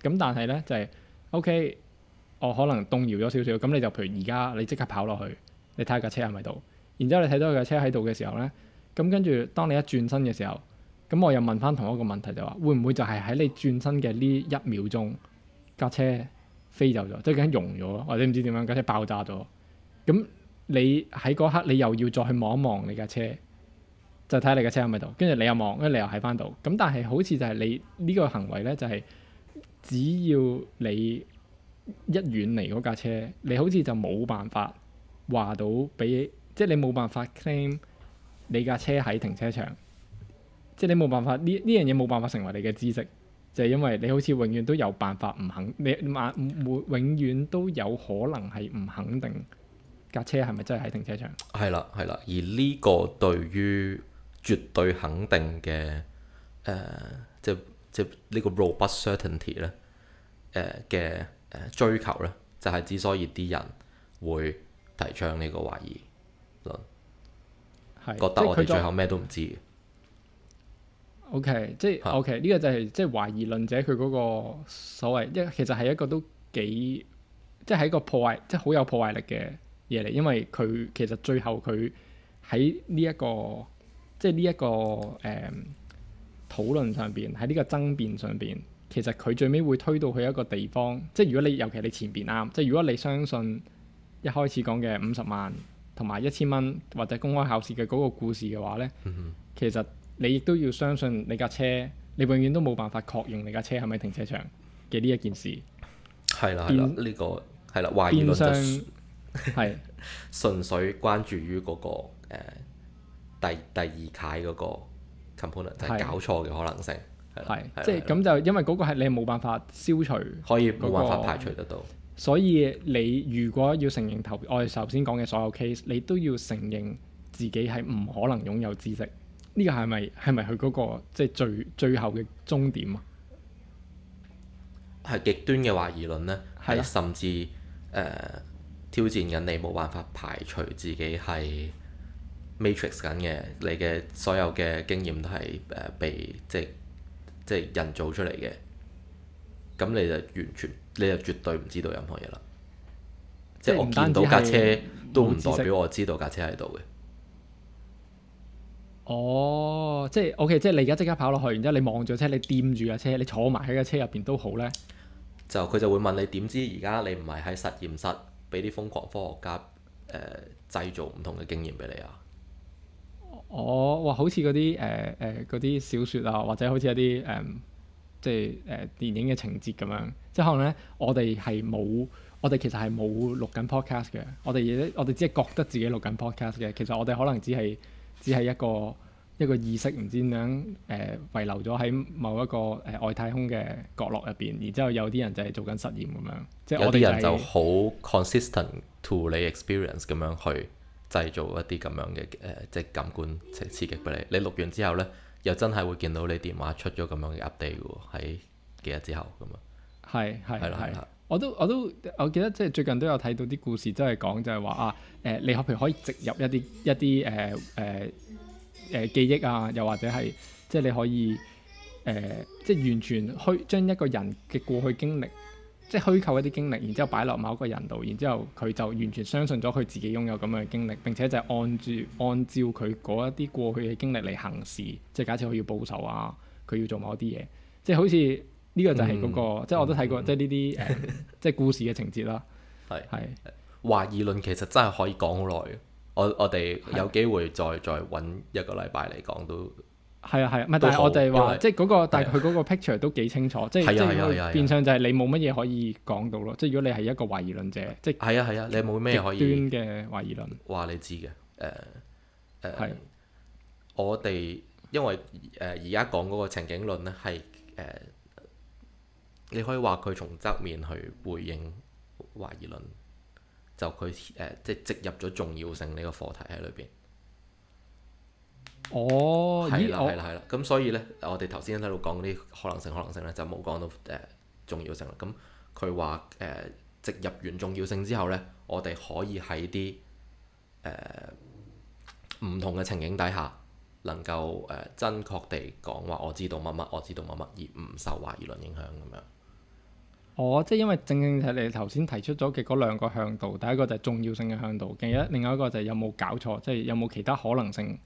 咁但係咧就係、是、O.K. 我可能動搖咗少少，咁你就譬如而家你即刻跑落去。你睇下架車係咪度？然之後你睇到佢架車喺度嘅時候呢，咁跟住當你一轉身嘅時候，咁我又問翻同一個問題，就話會唔會就係喺你轉身嘅呢一秒鐘架車飛走咗，即係緊溶咗，或者唔知點樣架車爆炸咗？咁你喺嗰刻你又要再去望一望你架車，就睇下你架車係咪度？跟住你又望，跟住你又喺翻度。咁但係好似就係你呢個行為呢，就係只要你一遠離嗰架車，你好似就冇辦法。話到俾即係你冇辦法 claim 你架車喺停車場，即係你冇辦法，呢呢樣嘢冇辦法成為你嘅知識，就係因為你好似永遠都有辦法唔肯，你永遠都有可能係唔肯定架車係咪真係喺停車場？係啦，係啦，而呢個對於絕對肯定嘅誒即即呢個 robust certainty 咧誒嘅誒追求咧，就係之所以啲人會。提倡呢個懷疑論，是覺得佢最後咩都唔知。OK，即係 OK，呢個就係即係懷疑論者佢嗰個所謂一，其實係一個都幾，即係一個破壞，即係好有破壞力嘅嘢嚟，因為佢其實最後佢喺呢一個，即係呢一個誒、嗯、討論上邊，喺呢個爭辯上邊，其實佢最尾會推到去一個地方，即係如果你尤其你前邊啱，即係如果你相信，一開始講嘅五十萬同埋一千蚊，或者公開考試嘅嗰個故事嘅話呢，其實你亦都要相信你架車，你永遠都冇辦法確認你架車係咪停車場嘅呢一件事。係啦係啦，呢個係啦，懷疑論真係純粹關注於嗰個誒第第二屆嗰個 component 就係搞錯嘅可能性。係即係咁就因為嗰個係你冇辦法消除，可以冇辦法排除得到。所以你如果要承認頭，我哋頭先講嘅所有 case，你都要承認自己係唔可能擁有知識。呢個係咪係咪佢嗰個即係最最後嘅終點啊？係極端嘅懷疑論呢，係甚至誒、呃、挑戰緊你冇辦法排除自己係 matrix 緊嘅，你嘅所有嘅經驗都係誒被即係即係人造出嚟嘅。咁你就完全。你就絕對唔知道任何嘢啦，即係是我見到架車都唔代表我知道架車喺度嘅。哦，即係 OK，即係你而家即刻跑落去，然之後你望住架車，你掂住架車，你坐埋喺架車入邊都好咧。就佢就會問你點知而家你唔係喺實驗室俾啲瘋狂科學家誒、呃、製造唔同嘅經驗俾你啊？我、哦、哇，好似嗰啲誒誒嗰啲小説啊，或者好似有啲誒。呃即係誒電影嘅情節咁樣，即係可能咧，我哋係冇，我哋其實係冇錄緊 podcast 嘅，我哋亦我哋只係覺得自己錄緊 podcast 嘅，其實我哋可能只係只係一個一個意識，唔知點樣誒遺留咗喺某一個誒、呃、外太空嘅角落入邊，然之後有啲人就係做緊實驗咁樣，即係我哋、就係、有啲人就好 consistent to 你 experience 咁樣去製造一啲咁樣嘅誒、呃，即係感官刺刺激俾你，你錄完之後咧。又真係會見到你電話出咗咁樣嘅 update 喎，喺幾日之後咁樣。係係係，我都我都我記得，即係最近都有睇到啲故事，都係講就係、是、話啊，誒、呃，你可譬如可以植入一啲一啲誒誒誒記憶啊，又或者係即係你可以誒，即、呃、係、就是、完全去將一個人嘅過去經歷。即係虛構一啲經歷，然之後擺落某一個人度，然之後佢就完全相信咗佢自己擁有咁樣嘅經歷，並且就按住按照佢嗰一啲過去嘅經歷嚟行事。即係假設佢要報仇啊，佢要做某啲嘢，即係好似呢個就係嗰個，嗯、即係我都睇過，嗯、即係呢啲誒，即係、嗯嗯就係、故事嘅情節啦。係係，懷疑論其實真係可以講好耐，我我哋有機會再是再揾一個禮拜嚟講都。係啊係啊，唔係但係我哋係話，即係嗰個但係佢嗰個 picture 都幾清楚，即係即係變相就係你冇乜嘢可以講到咯。即係如果你係一個懷疑論者，即係係啊係啊，你冇咩可以極端嘅懷疑論話你知嘅。誒誒，我哋因為誒而家講嗰個情景論咧，係誒你可以話佢從側面去回應懷疑論，就佢誒即係植入咗重要性呢個課題喺裏邊。哦，係啦，係啦，係啦。咁所以咧，我哋頭先喺度講啲可能性，可能性咧就冇講到誒、呃、重要性啦。咁佢話誒植入完重要性之後咧，我哋可以喺啲誒唔同嘅情景底下能夠，能夠誒真確地講話我知道乜乜，我知道乜乜，而唔受懷疑論影響咁樣。哦，oh, 即係因為正正係你頭先提出咗嘅嗰兩個向度，第一個就係重要性嘅向度，另一另外一個就係有冇搞錯，即、就、係、是、有冇其他可能性。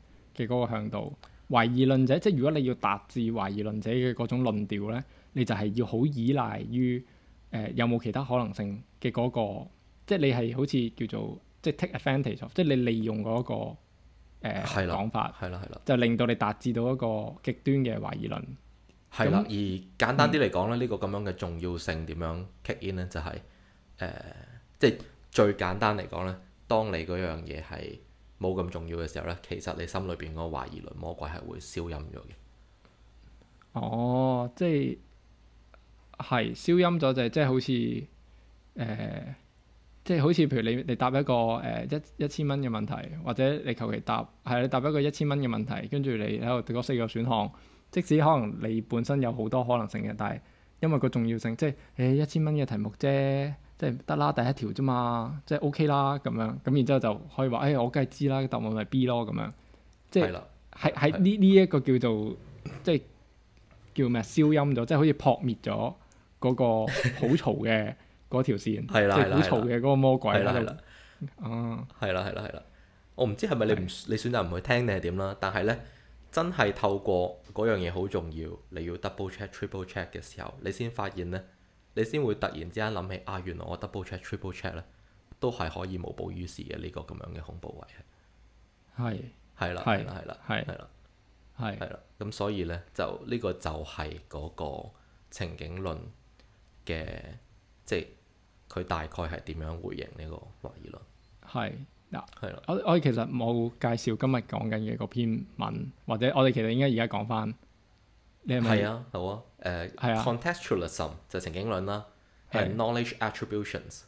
嘅嗰個向度，懷疑論者，即係如果你要達至懷疑論者嘅嗰種論調咧，你就係要好依賴於誒、呃、有冇其他可能性嘅嗰、那個，即係你係好似叫做即係 take advantage of，即係你利用嗰、那個誒、呃、的講法，係啦係啦，就令到你達至到一個極端嘅懷疑論。係啦的，那而簡單啲嚟講咧，呢、嗯、個咁樣嘅重要性點樣 kick in 咧，就係、是、誒，即、呃、係、就是、最簡單嚟講咧，當你嗰樣嘢係，冇咁重要嘅時候呢，其實你心裏邊嗰個懷疑論魔鬼係會消音咗嘅。哦，即係係消音咗就係、係、即係好似、呃、即係好似譬如你你答一個一千蚊嘅問題，或者你求其答係你答一個一千蚊嘅問題，跟住你喺度嗰四個選項，即使可能你本身有好多可能性嘅，但係因為個重要性，即係一千蚊嘅題目啫。即係得啦，第一條啫嘛，即係 OK 啦咁樣，咁然之後就可以話，誒，我梗係知啦，答案咪 B 咯咁樣。即係喺係呢呢一個叫做即係叫咩消音咗，即係好似撲滅咗嗰個好嘈嘅嗰條線，即係好嘈嘅嗰個魔鬼。係啦，係啦，嗯，係啦，係啦，係啦。我唔知係咪你唔你選擇唔去聽定係點啦，但係咧真係透過嗰樣嘢好重要，你要 double check triple check 嘅時候，你先發現咧。你先會突然之間諗起啊，原來我 double check、triple check 咧，都係可以無補於事嘅呢個咁樣嘅恐怖位。係係啦，係啦，係啦，係啦，係啦。咁所以咧，就呢個就係嗰個情景論嘅，即係佢大概係點樣回應呢個懷疑論？係嗱，係啦。我我哋其實冇介紹今日講緊嘅嗰篇文，或者我哋其實應該而家講翻。你係咪？係啊，好啊。誒、uh, 啊、，contextualism 就情景論啦，係、啊、knowledge attributions，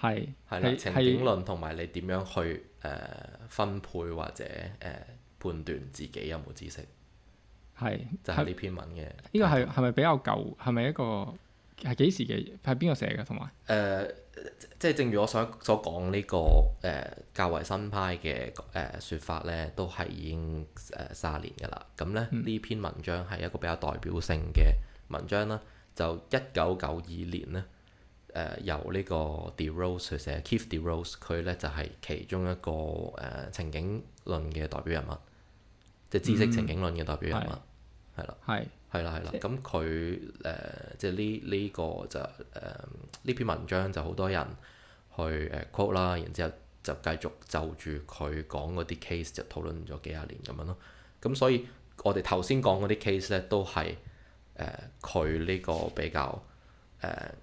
係係啦、啊，情景論同埋你點樣去誒、uh, 分配或者誒、uh, 判斷自己有冇知識，係、啊、就係呢篇文嘅，呢、這個係係咪比較舊？係咪一個？係幾時嘅？係邊個寫嘅？同埋誒，即係正如我想所講呢、這個誒、呃、較為新派嘅誒、呃、說法咧，都係已經誒卅年嘅啦。咁咧呢、嗯、篇文章係一個比較代表性嘅文章啦。就一九九二年咧，誒、呃、由個 De Rose De Rose，呢個 De Rose 寫，Keith De Rose 佢咧就係、是、其中一個誒、呃、情景論嘅代表人物，嗯、即係知識情景論嘅代表人物，係啦。係。係啦，係啦，咁佢誒即係呢呢個就誒呢、呃、篇文章就好多人去誒 quote 啦，然之後就繼續就住佢講嗰啲 case 就討論咗幾十年咁樣咯。咁所以我哋頭先講嗰啲 case 咧都係誒佢呢個比較誒、呃、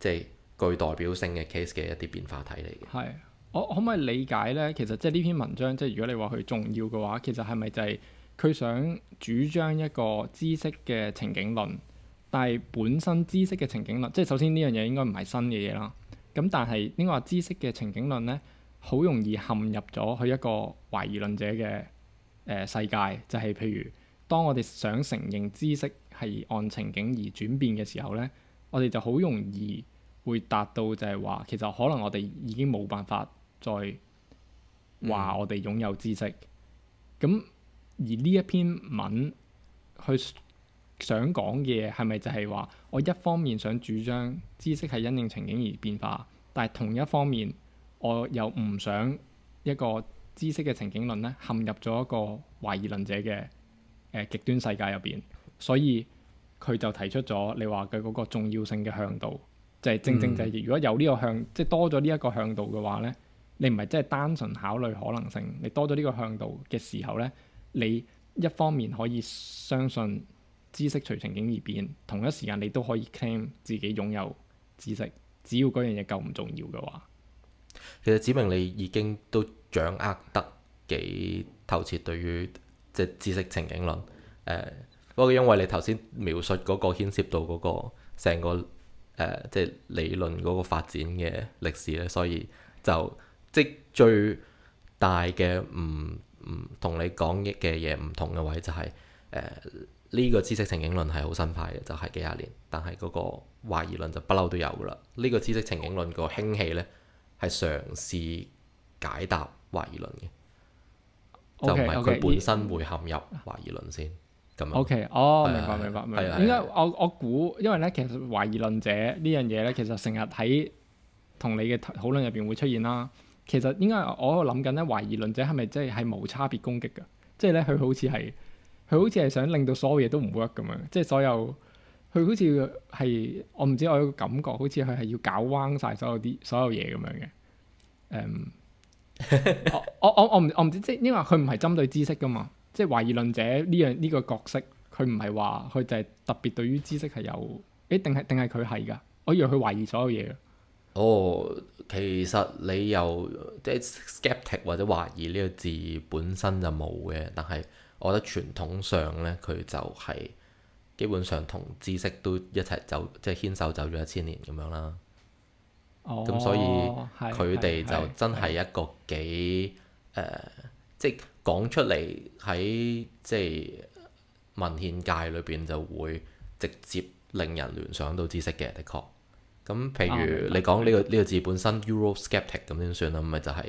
即係具代表性嘅 case 嘅一啲變化體嚟嘅。係，我可唔可以理解咧？其實即係呢篇文章，即係如果你話佢重要嘅話，其實係咪就係、係？佢想主張一個知識嘅情景論，但係本身知識嘅情景論，即係首先呢樣嘢應該唔係新嘅嘢啦。咁但係應該話知識嘅情景論呢，好容易陷入咗去一個懷疑論者嘅世界，就係、是、譬如當我哋想承認知識係按情景而轉變嘅時候呢，我哋就好容易會達到就係話，其實可能我哋已經冇辦法再話我哋擁有知識，咁、嗯。而呢一篇文，佢想講嘅係咪就係話我一方面想主張知識係因應情境而變化，但係同一方面我又唔想一個知識嘅情境論咧，陷入咗一個懷疑論者嘅呃、極端世界入邊，所以佢就提出咗你話嘅嗰個重要性嘅向度，就係、是、正正就係、是，嗯、如果有呢個向，即係多咗呢一個向度嘅話咧，你唔係真係單純考慮可能性，你多咗呢個向度嘅時候咧。你一方面可以相信知識隨情景而變，同一時間你都可以 claim 自己擁有知識，只要嗰樣嘢夠唔重要嘅話。其實指明你已經都掌握得幾透徹對於即係、就是、知識情景論，誒、呃，不過因為你頭先描述嗰個牽涉到嗰個成個誒即係理論嗰個發展嘅歷史咧，所以就即係、就是、最大嘅唔。嗯，你同你講嘅嘢唔同嘅位就係、是，誒、呃、呢、這個知識情景論係好新派嘅，就係、是、幾廿年。但係嗰個懷疑論就不嬲都有噶啦。呢、這個知識情景論個興起呢，係嘗試解答懷疑論嘅，就唔係佢本身會陷入懷疑論先。咁樣。O K，哦，明白明白明白。點解我，我估，因為呢其實懷疑論者呢樣嘢呢，其實成日喺同你嘅討論入邊會出現啦。其實應該我喺度諗緊咧，懷疑論者係咪真係係無差別攻擊㗎？即係咧，佢好似係佢好似係想令到所有嘢都唔 work 咁樣。即係所有佢好似係我唔知，我有個感覺好似佢係要搞彎晒所有啲所有嘢咁樣嘅。誒、um, 我我我唔我唔知，即係因為佢唔係針對知識㗎嘛。即係懷疑論者呢樣呢個角色，佢唔係話佢就係特別對於知識係有誒？定係定係佢係㗎？我以為佢懷疑所有嘢。哦，其實你又即係 skeptic 或者懷疑呢個字本身就冇嘅，但係我覺得傳統上呢，佢就係基本上同知識都一齊走，即係牽手走咗一千年咁樣啦。哦，咁所以佢哋是就真係一個幾誒、呃，即係講出嚟喺即係文獻界裏邊就會直接令人聯想到知識嘅，的確。咁譬如你講呢個呢個字本身 Euro sceptic 咁先算啦，咁咪就係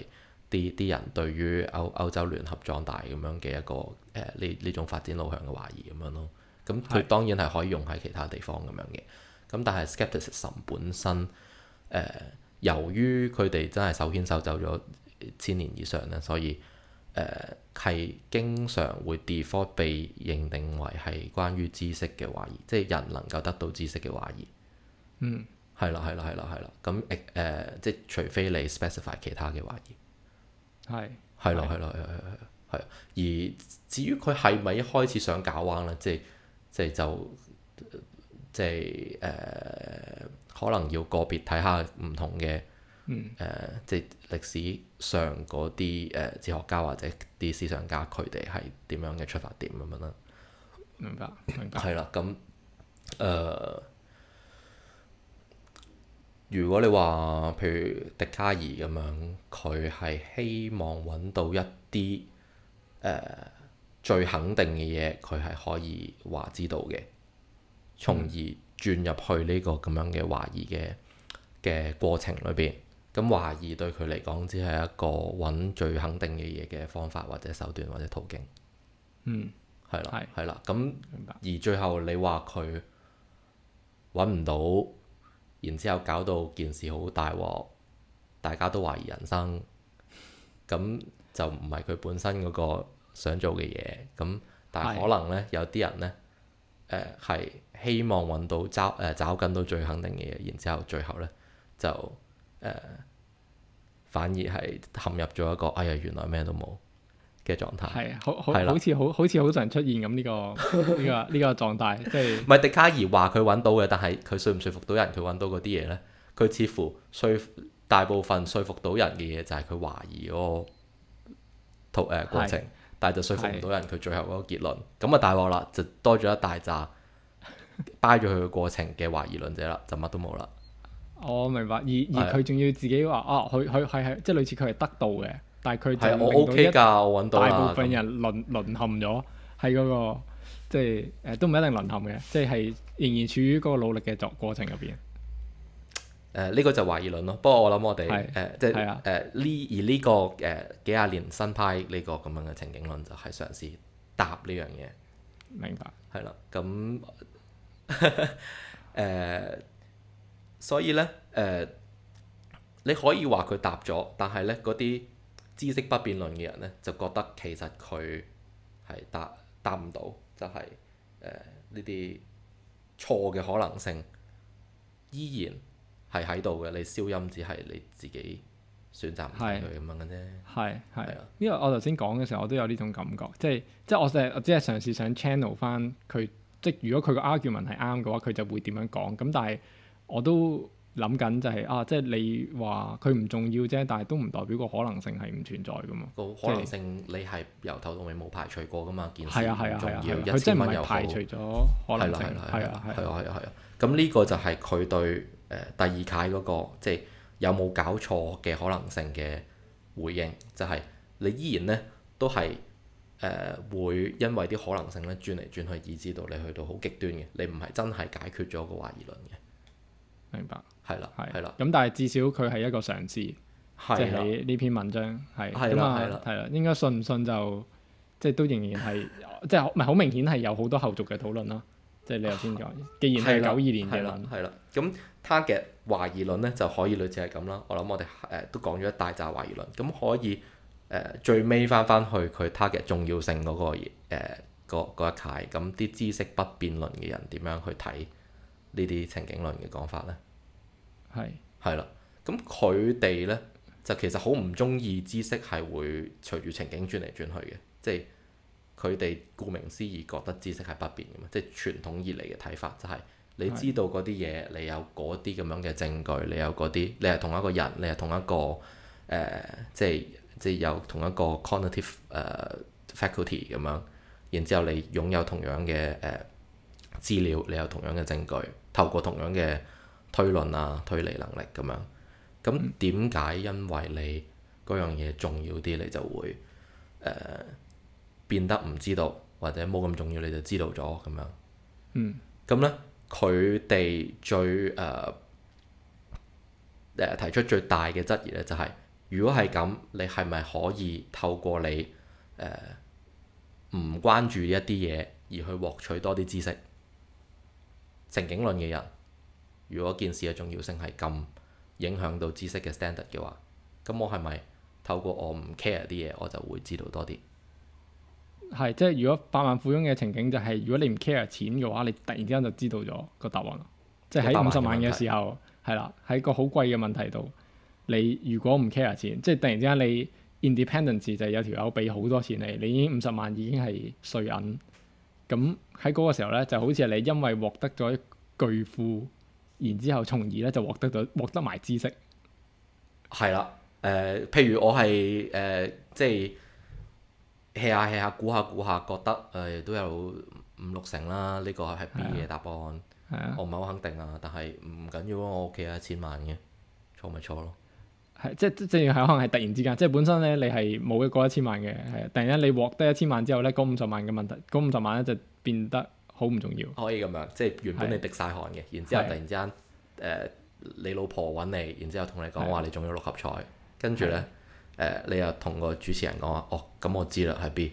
啲啲人對於歐歐洲聯合壯大咁樣嘅一個誒呢呢種發展路向嘅懷疑咁樣咯。咁佢當然係可以用喺其他地方咁樣嘅。咁但係 scepticism 本身誒、呃，由於佢哋真係手牽手走咗千年以上啦，所以誒係、呃、經常會 default 被認定為係關於知識嘅懷疑，即係人能夠得到知識嘅懷疑。嗯。係啦，係啦，係啦，係啦。咁誒，即係除非你 specify 其他嘅話語，係，係咯，係咯，係係係。係。而至於佢係咪一開始想搞彎咧？即係即係就即係誒，可能要個別睇下唔同嘅誒，即係歷史上嗰啲誒哲學家或者啲思想家，佢哋係點樣嘅出發點咁樣啦。明白，明白。係啦，咁誒。如果你話，譬如迪卡怡咁樣，佢係希望揾到一啲誒、呃、最肯定嘅嘢，佢係可以懷知道嘅，從而轉入去呢個咁樣嘅懷疑嘅嘅過程裏邊。咁懷疑對佢嚟講，只係一個揾最肯定嘅嘢嘅方法，或者手段，或者途徑。嗯，係啦，係是啦，咁白而最後你話佢揾唔到。然之後搞到件事好大鑊，大家都懷疑人生，咁就唔係佢本身嗰個想做嘅嘢，咁但係可能咧是的 有啲人咧，誒、呃、係希望揾到找誒找緊到最肯定嘅嘢，然之後最後咧就誒、呃、反而係陷入咗一個，哎呀，原來咩都冇。嘅狀態係啊，好好好似好好似好多人出現咁呢個呢個呢個狀態，即係唔係笛卡爾話佢揾到嘅，但係佢説唔説服到人佢揾到嗰啲嘢咧？佢似乎説大部分説服到人嘅嘢，就係、是、佢懷疑嗰個途過程，是是是，但係就説服唔到人佢最後嗰個結論。咁啊大鑊啦，就多咗一大紮掰咗佢嘅過程嘅懷疑論者啦，就乜都冇啦 哦。我明白，而是的 而佢仲要自己話啊，佢佢係係即係類似佢係得到嘅。但係佢就令到一我，OK 㗎我揾到大部分人淪淪陷咗、那個，係嗰個即係誒都唔一定淪陷嘅，即係仍然處於嗰個努力嘅作過程入邊。誒、呃，呢、這個就懷疑論咯。不過我諗我哋誒即係誒呢而呢個誒、呃、幾廿年新派呢個咁樣嘅情景論就係嘗試答呢樣嘢。明白係啦，咁誒、 呃，所以咧誒、呃，你可以話佢答咗，但係咧嗰啲。知識不變論嘅人呢，就覺得其實佢係答答唔到，就係誒呢啲錯嘅可能性依然係喺度嘅。你消音只係你自己選擇唔聽佢咁樣嘅啫。係係係啊，因為我頭先講嘅時候，我都有呢種感覺，即係即係我，我只係我只係嘗試想 channel 翻佢，即係如果佢個 argument 係啱嘅話，佢就會點樣講。咁但係我都。諗緊就係啊，即係你話佢唔重要啫，但係都唔代表個可能性係唔存在噶嘛。個可能性你係由頭到尾冇排除過噶嘛，件事係重要一千蚊又好。佢真係唔排除咗可能性。係啦係啦係啦係啊係啊係啊，咁呢個就係佢對誒第二屆嗰個即係有冇搞錯嘅可能性嘅回應，就係你依然呢，都係誒會因為啲可能性咧轉嚟轉去，以致到你去到好極端嘅，你唔係真係解決咗個懷疑論嘅。明白。係啦，係啦。咁但係至少佢係一個嘗試，即係呢篇文章係咁啊，係啦，應該信唔信就即係都仍然係，即係唔係好明顯，係有好多後續嘅討論啦。即係你又先講，既然係九二年嘅論，係啦，咁他嘅懷疑論咧就可以類似係咁啦。我諗我哋誒都講咗一大紮懷疑論，咁可以誒最尾翻翻去佢他嘅重要性嗰個一界，咁啲知識不辯論嘅人點樣去睇呢啲情景論嘅講法咧？係係啦，咁佢哋呢，就其實好唔中意知識係會隨住情景轉嚟轉去嘅，即係佢哋顧名思義覺得知識係不變嘅，嘛。即係傳統以嚟嘅睇法就係、是、你知道嗰啲嘢，你有嗰啲咁樣嘅證據，你有嗰啲，你係同一個人，你係同一個誒、呃，即係即係有同一個 cognitive、呃、faculty 咁樣，然之後你擁有同樣嘅誒資料，你有同樣嘅證據，透過同樣嘅。推論啊、推理能力咁樣，咁點解因為你嗰樣嘢重要啲，你就會誒、呃、變得唔知道，或者冇咁重要你就知道咗咁樣？嗯，咁咧佢哋最誒誒、呃呃、提出最大嘅質疑咧、就係，就係如果係咁，你係咪可以透過你誒唔、呃、關注一啲嘢而去獲取多啲知識？情景論嘅人。如果件事嘅重要性係咁影響到知識嘅 standard 嘅話，咁我係咪透過我唔 care 啲嘢，我就會知道多啲？係即係如果百萬富翁嘅情景就係，如果你唔 care 錢嘅話，你突然之間就知道咗個答案。即係喺五十萬嘅時候係啦，喺個好貴嘅問題度，你如果唔 care 錢，即係突然之間你 independence 就有條友俾好多錢你，你已經五十萬已經係碎銀咁，喺嗰個時候呢，就好似係你因為獲得咗巨富。然之後從，從而咧就獲得咗獲得埋知識。係啦，誒、呃，譬如我係誒、呃，即係 hea 下 hea 下，估下估下，覺得誒、呃、都有五六成啦。呢、這個係 B 嘅答案，的我唔係好肯定啊。但係唔緊要咯，我屋企有一千萬嘅，錯咪錯咯。係即係，正正係可能係突然之間，即係本身咧你係冇一個一千萬嘅，係突然間你獲得一千萬之後咧，嗰五十萬嘅問題，嗰五十萬咧就變得好唔重要？可以咁樣，即係原本你滴晒汗嘅，是然之後突然之間，誒、呃，你老婆揾你，然之後同你講話你中咗六合彩，是跟住呢，誒是、呃，你又同個主持人講話，嗯、哦，咁我知啦，係 B。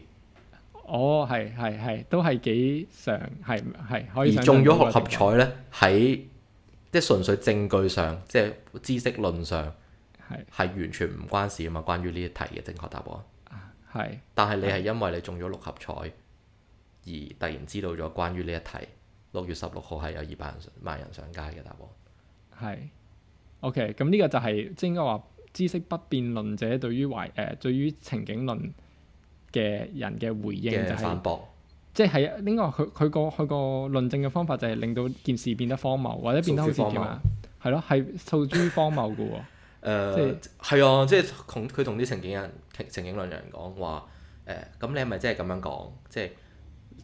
哦，係係係，都係幾常，係係可以。而中咗六合彩呢，喺即係純粹證據上，即係知識論上，係係是是完全唔關事啊嘛，關於呢一題嘅正確答案。係。但係你係因為你中咗六合彩。而突然知道咗關於呢一題，六月十六號係有二百萬人上街嘅，答案。係。O K. 咁呢個就係即係應該話知識不變論者對於懷誒、呃、對於情景論嘅人嘅回應、就是、反駁，即係另外佢佢個佢個論證嘅方法就係令到件事變得荒謬，或者變得好似點啊？係咯，係訴諸荒謬嘅喎。即係係啊，嗯、即係同佢同啲情景人、情景,情景論人講話誒，咁、呃嗯嗯、你係咪真係咁樣講？即係。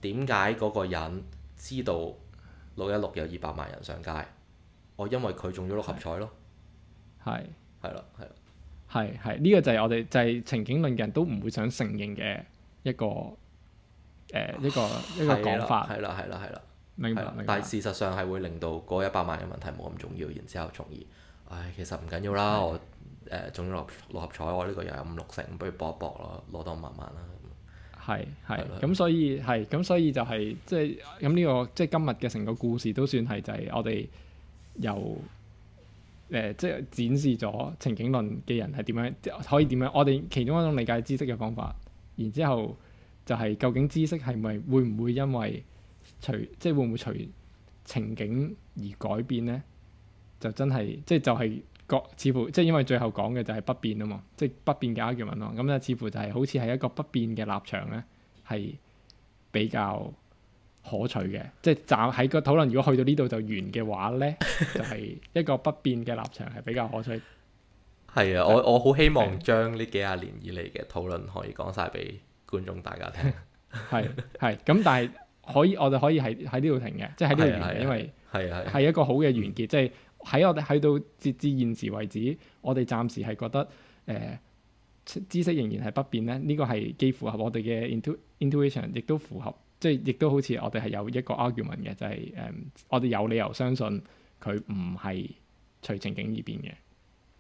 點解嗰個人知道六一六有二百萬人上街？我因為佢中咗六合彩咯，係係啦，係係係，呢個就係我哋就係情景論人都唔會想承認嘅一個誒一個一個講法，係啦係啦係啦，明白明白。但事實上係會令到嗰一百萬嘅問題冇咁重要，然之後從而，唉，其實唔緊要啦，我誒中咗六合六合彩，我呢個又有五六成，不如搏一搏咯，攞多萬萬啦。係係咁，吧所以係咁，所以就係即係咁呢個即係、即係、今日嘅成個故事都算係就係我哋由誒即係展示咗情景論嘅人係點樣，即可以點樣。我哋其中一種理解知識嘅方法，然之後就係究竟知識係咪會唔會因為隨，即係會唔會隨情景而改變咧？就真係即係就係就係。似乎即係因為最後講嘅就係不變啊嘛，即係不變嘅阿嬌問咯，咁咧似乎就係好似係一個不變嘅立場咧，係比較可取嘅。即係站喺個討論，如果去到呢度就完嘅話咧，就係一個不變嘅立場係比較可取。係啊，我我好希望將呢幾廿年以嚟嘅討論可以講晒俾觀眾大家聽。係係咁，但係可以我哋可以係喺呢度停嘅，即係喺呢度完，因為係係係一個好嘅完結，即係。喺我哋喺到截至現時為止，我哋暫時係覺得誒、呃，知識仍然係不變咧。呢、這個係既符合我哋嘅 intuition，亦都符合，即係亦都好似我哋係有一個 argument 嘅，就係、是、誒、嗯，我哋有理由相信佢唔係隨情景而變嘅。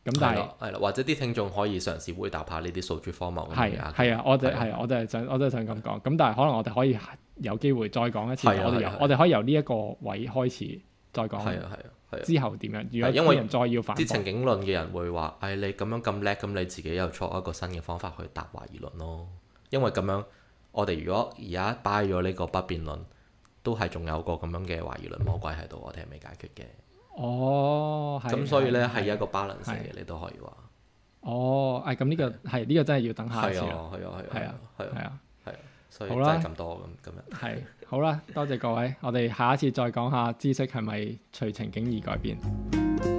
咁但係，係啦、啊啊，或者啲聽眾可以嘗試回答下呢啲數據方夢。係係啊，啊，我哋係、啊啊、我哋係想我係想咁講，咁但係可能我哋可以有機會再講一次。啊啊、我哋由、啊、我哋可以由呢一個位開始。再講係啊係啊係啊之後點樣，如果因為再要反啲情景論嘅人會話，誒、哎、你咁樣咁叻，咁你自己又錯一個新嘅方法去答懷疑論咯。因為咁樣，我哋如果而家掰咗呢個不辯論，都係仲有個咁樣嘅懷疑論魔鬼喺度，我哋係未解決嘅。哦，咁所以咧係一個是 balance 嘅，你都可以話。哦，誒咁呢個係呢、呢個真係要等下次。係啊係啊係啊係啊係啊係啊，所以真係咁多咁咁樣吧。係今天。 好啦，多謝各位，我哋下一次再講下知識係咪隨情景而改變。